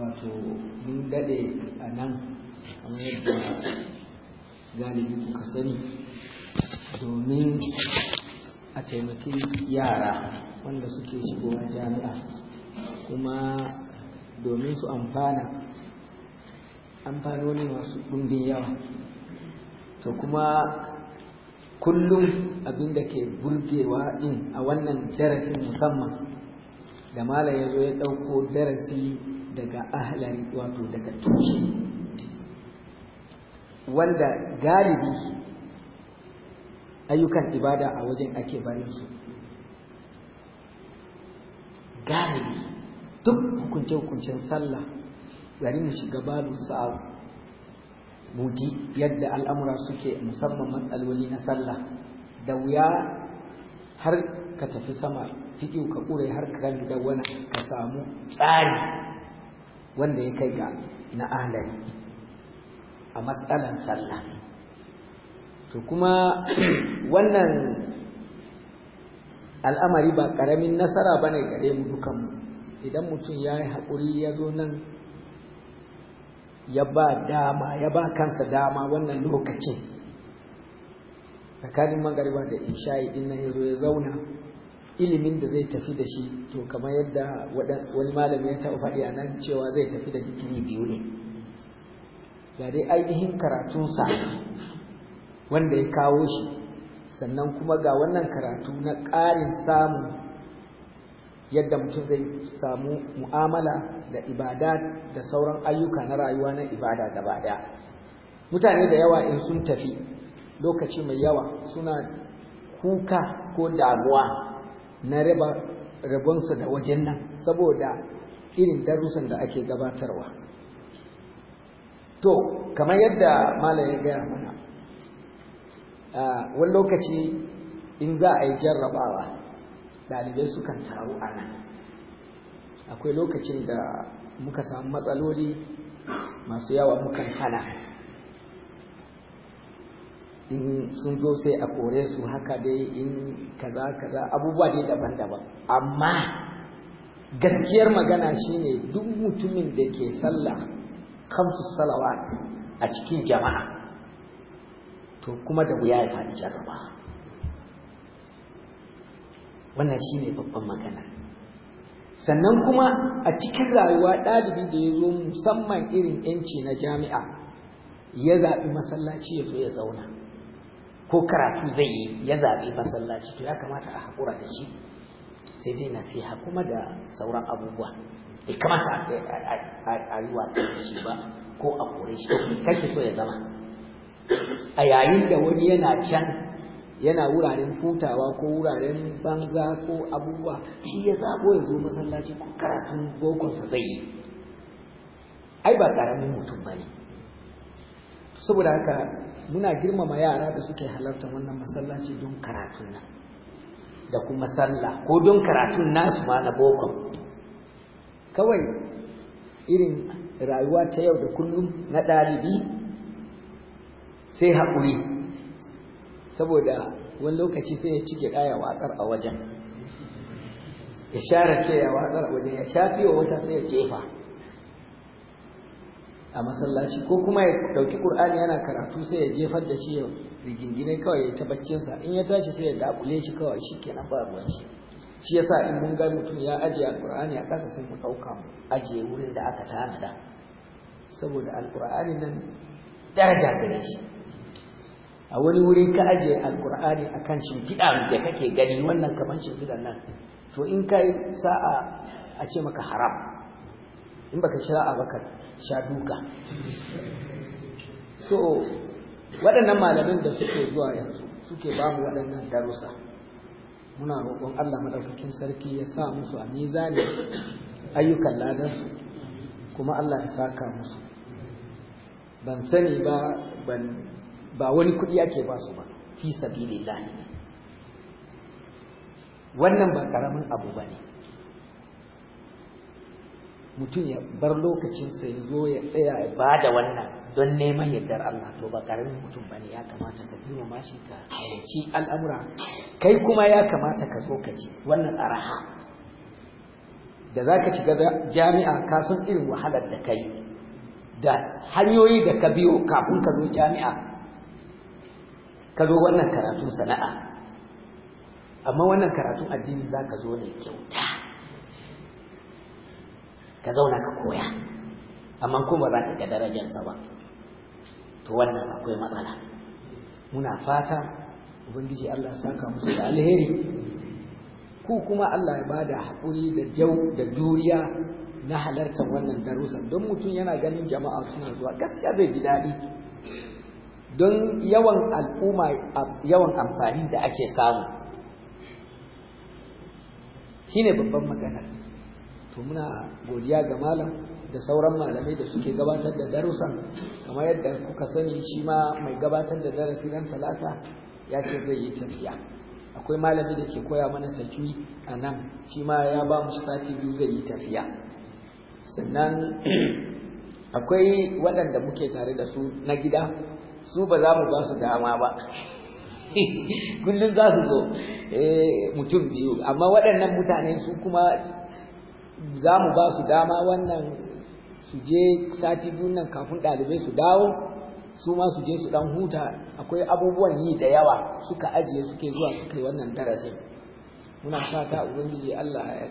wato mun daɗe a nan kamar yadda galibi kuka sani domin a taimakin yara wanda suke shigowa jami'a kuma domin su amfana amfanoni masu ɗumbin yawa to kuma kullum abinda ke burgewa in a wannan darasin musamman da malam ya zo ya ɗauko darasi daga ahlari wato daga tushe wanda galibi ayyukan ibada a wajen ake barin su galibi duk hukunce-hukuncen sallah gari mu shiga balu sa'ad buji yadda al'amura suke musamman matsaloli na sallah da wuya har ka tafi sama fiƙi ka ƙure har ka da wani ka samu tsari wanda ya kai ga na ahlari a matsalan sallah to kuma wannan al'amari ba ƙaramin nasara ba ne gare mu dukanmu idan mutum ya yi haƙuri ya zo nan ya ba dama ya ba kansa dama wannan lokacin tsakanin magariba da isha'i din nan ya zo ya zauna ilimin da zai tafi da shi to kamar yadda wani malami ya taɓa faɗi a nan cewa zai tafi da jikini biyu ne Ya dai ainihin karatunsa wanda ya kawo shi sannan kuma ga wannan karatu na ƙarin samun yadda mutum zai samu mu'amala da ibada da sauran ayyuka na rayuwa na ibada gaba ɗaya mutane da yawa in sun tafi lokaci mai yawa suna kuka ko damuwa na raba rabonsa da wajen nan saboda irin darussan da ake gabatarwa to kamar yadda malam ya gaya mana wani lokaci in za a yi jarrabawa ɗalibai sukan taru a nan akwai lokacin da muka samu matsaloli masu yawa mukan hana in sun zo sai a kore su haka dai in kaza kaza abubuwa dai daban-daban amma gaskiyar magana shine duk mutumin da ke sallah kamsu salawat a cikin jama'a to kuma da wuya ya faɗi jarraba wannan shine babban magana sannan kuma a cikin rayuwa ɗalibi da ya zo musamman irin 'yanci na jami'a ya zaɓi masallaci ya zo ya zauna ko karatu zai yi ya zaɓi masallaci to ya kamata a haƙura da shi sai dai nasiha kuma da sauran abubuwa Ya kamata a yi wasa shi ba ko a kore shi kai kake so ya zama a yayin da wani yana can yana wuraren futawa ko wuraren banza ko abubuwa shi ya zaɓo ya zo masallaci ko karatun bokonsa zai yi ai ba ƙaramin mutum ba ne saboda haka muna girmama yara da suke halarta wannan masallaci don karatun nan da kuma sallah ko don karatun nasu ma na boko kawai irin rayuwa ta yau da kullum na ɗalibi sai haƙuri saboda wani lokaci sai ya cike ɗaya watsar a wajen ya share ke ya watsar a wajen ya shafi wa wata sai ya jefa a masallaci ko kuma ya dauki ƙur'ani yana karatu sai ya jefar da shi ya rigingine kawai ya tabaccinsa in ya tashi sai ya dakule shi kawai shi shikenan ba ruwan shi shi yasa in mun ga mutum ya ajiye alqur'ani a kasa sai mu ɗauka mu ajiye wurin da aka tanada saboda alƙur'ani nan daraja gare shi a wani wuri ka ajiye kan akan shimfiɗa da kake gani wannan shi shimfiɗan nan to in ka yi sa'a a ce maka haram in baka a baka sha so waɗannan malamin da suke zuwa yanzu suke ba waɗannan darussa muna roƙon Allah madaukakin sarki ya sa musu a mizanin ayyukan ladansu kuma Allah ya saka musu ban sani ba ba wani kuɗi ake ba su ba fi sabilillah wannan ba karamin abu ba ne. mutum ya bar lokacinsa ya zo ya tsaya ya ba da wannan don neman yardar Allah to ba karamin mutum ba ne ya kamata ka bi shi ka hauci al'amura kai kuma ya kamata ka zo ka ji wannan araha da za ka shiga jami'a ka san irin wahalar da kai da hanyoyi da ka biyo kafin ka zo jami'a ka zo wannan karatun sana'a amma wannan karatun addini za ka zo ne kyauta ka zauna ka koya amma kuma za ka ga darajarsa ba to wannan akwai matsala muna fata ubangiji Allah saka musu da alheri ku kuma Allah ya bada haƙuri da jau da duriya na halartar wannan darussan don mutum yana ganin jama'a suna zuwa gaskiya zai ji daɗi don yawan al'umma yawan amfani da ake samu shine babban maganar to muna godiya ga malam da sauran malamai da suke gabatar da darussa kamar yadda kuka sani shi ma mai gabatar da darasi ran talata ya ce zai yi tafiya akwai malami da ke koya mana tafi a nan shi ma ya ba mu sati biyu zai yi tafiya sannan akwai waɗanda muke tare da su na gida su ba za mu ba su dama ba kullum za su zo eh, mutum biyu amma waɗannan mutane su kuma za mu ba su dama wannan su je sati biyun nan kafin ɗalibai su dawo su ma su je su ɗan huta akwai abubuwan yi da yawa suka ajiye suke zuwa suka yi wannan darasin muna fata ubangiji Allah ya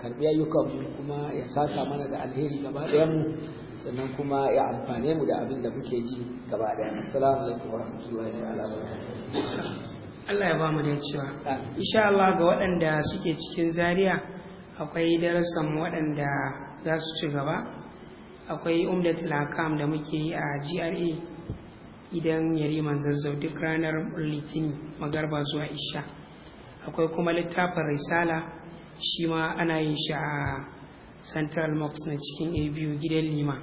karbi ayyukanmu kuma ya saka mana da alheri gaba mu sannan kuma ya amfane mu da abin da muke ji gaba ɗaya assalamu alaikum wa rahmatullahi ta'ala wa Allah ya ba mu da cewa insha Allah ga waɗanda suke cikin Zaria akwai darasan waɗanda za su ci gaba akwai umdat lakam da muke yi a gra idan yariman zazzau duk ranar litinin magarba zuwa isha akwai kuma littafin risala shi ma ana yin shi a central mox na cikin abu gidan lima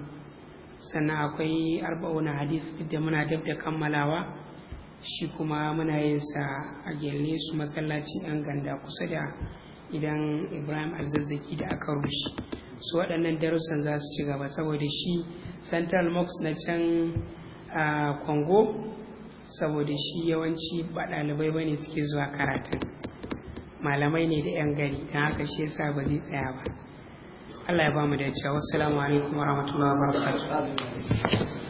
sannan akwai arba'una hadith da muna dab da kammalawa shi kuma muna yin sa a gyalle su masallacin yan ganda kusa da idan ibrahim alzazzaki da aka rushe su waɗannan darussan za su ci gaba saboda shi central mosque na can a congo saboda shi yawanci ba ɗalibai ba ne suke zuwa karatun malamai ne da 'yan gari don haka shi yasa ba zai tsaya ba allah ya ba mu da cewa wasu alaikum wa rahmatullahi wa barakatuh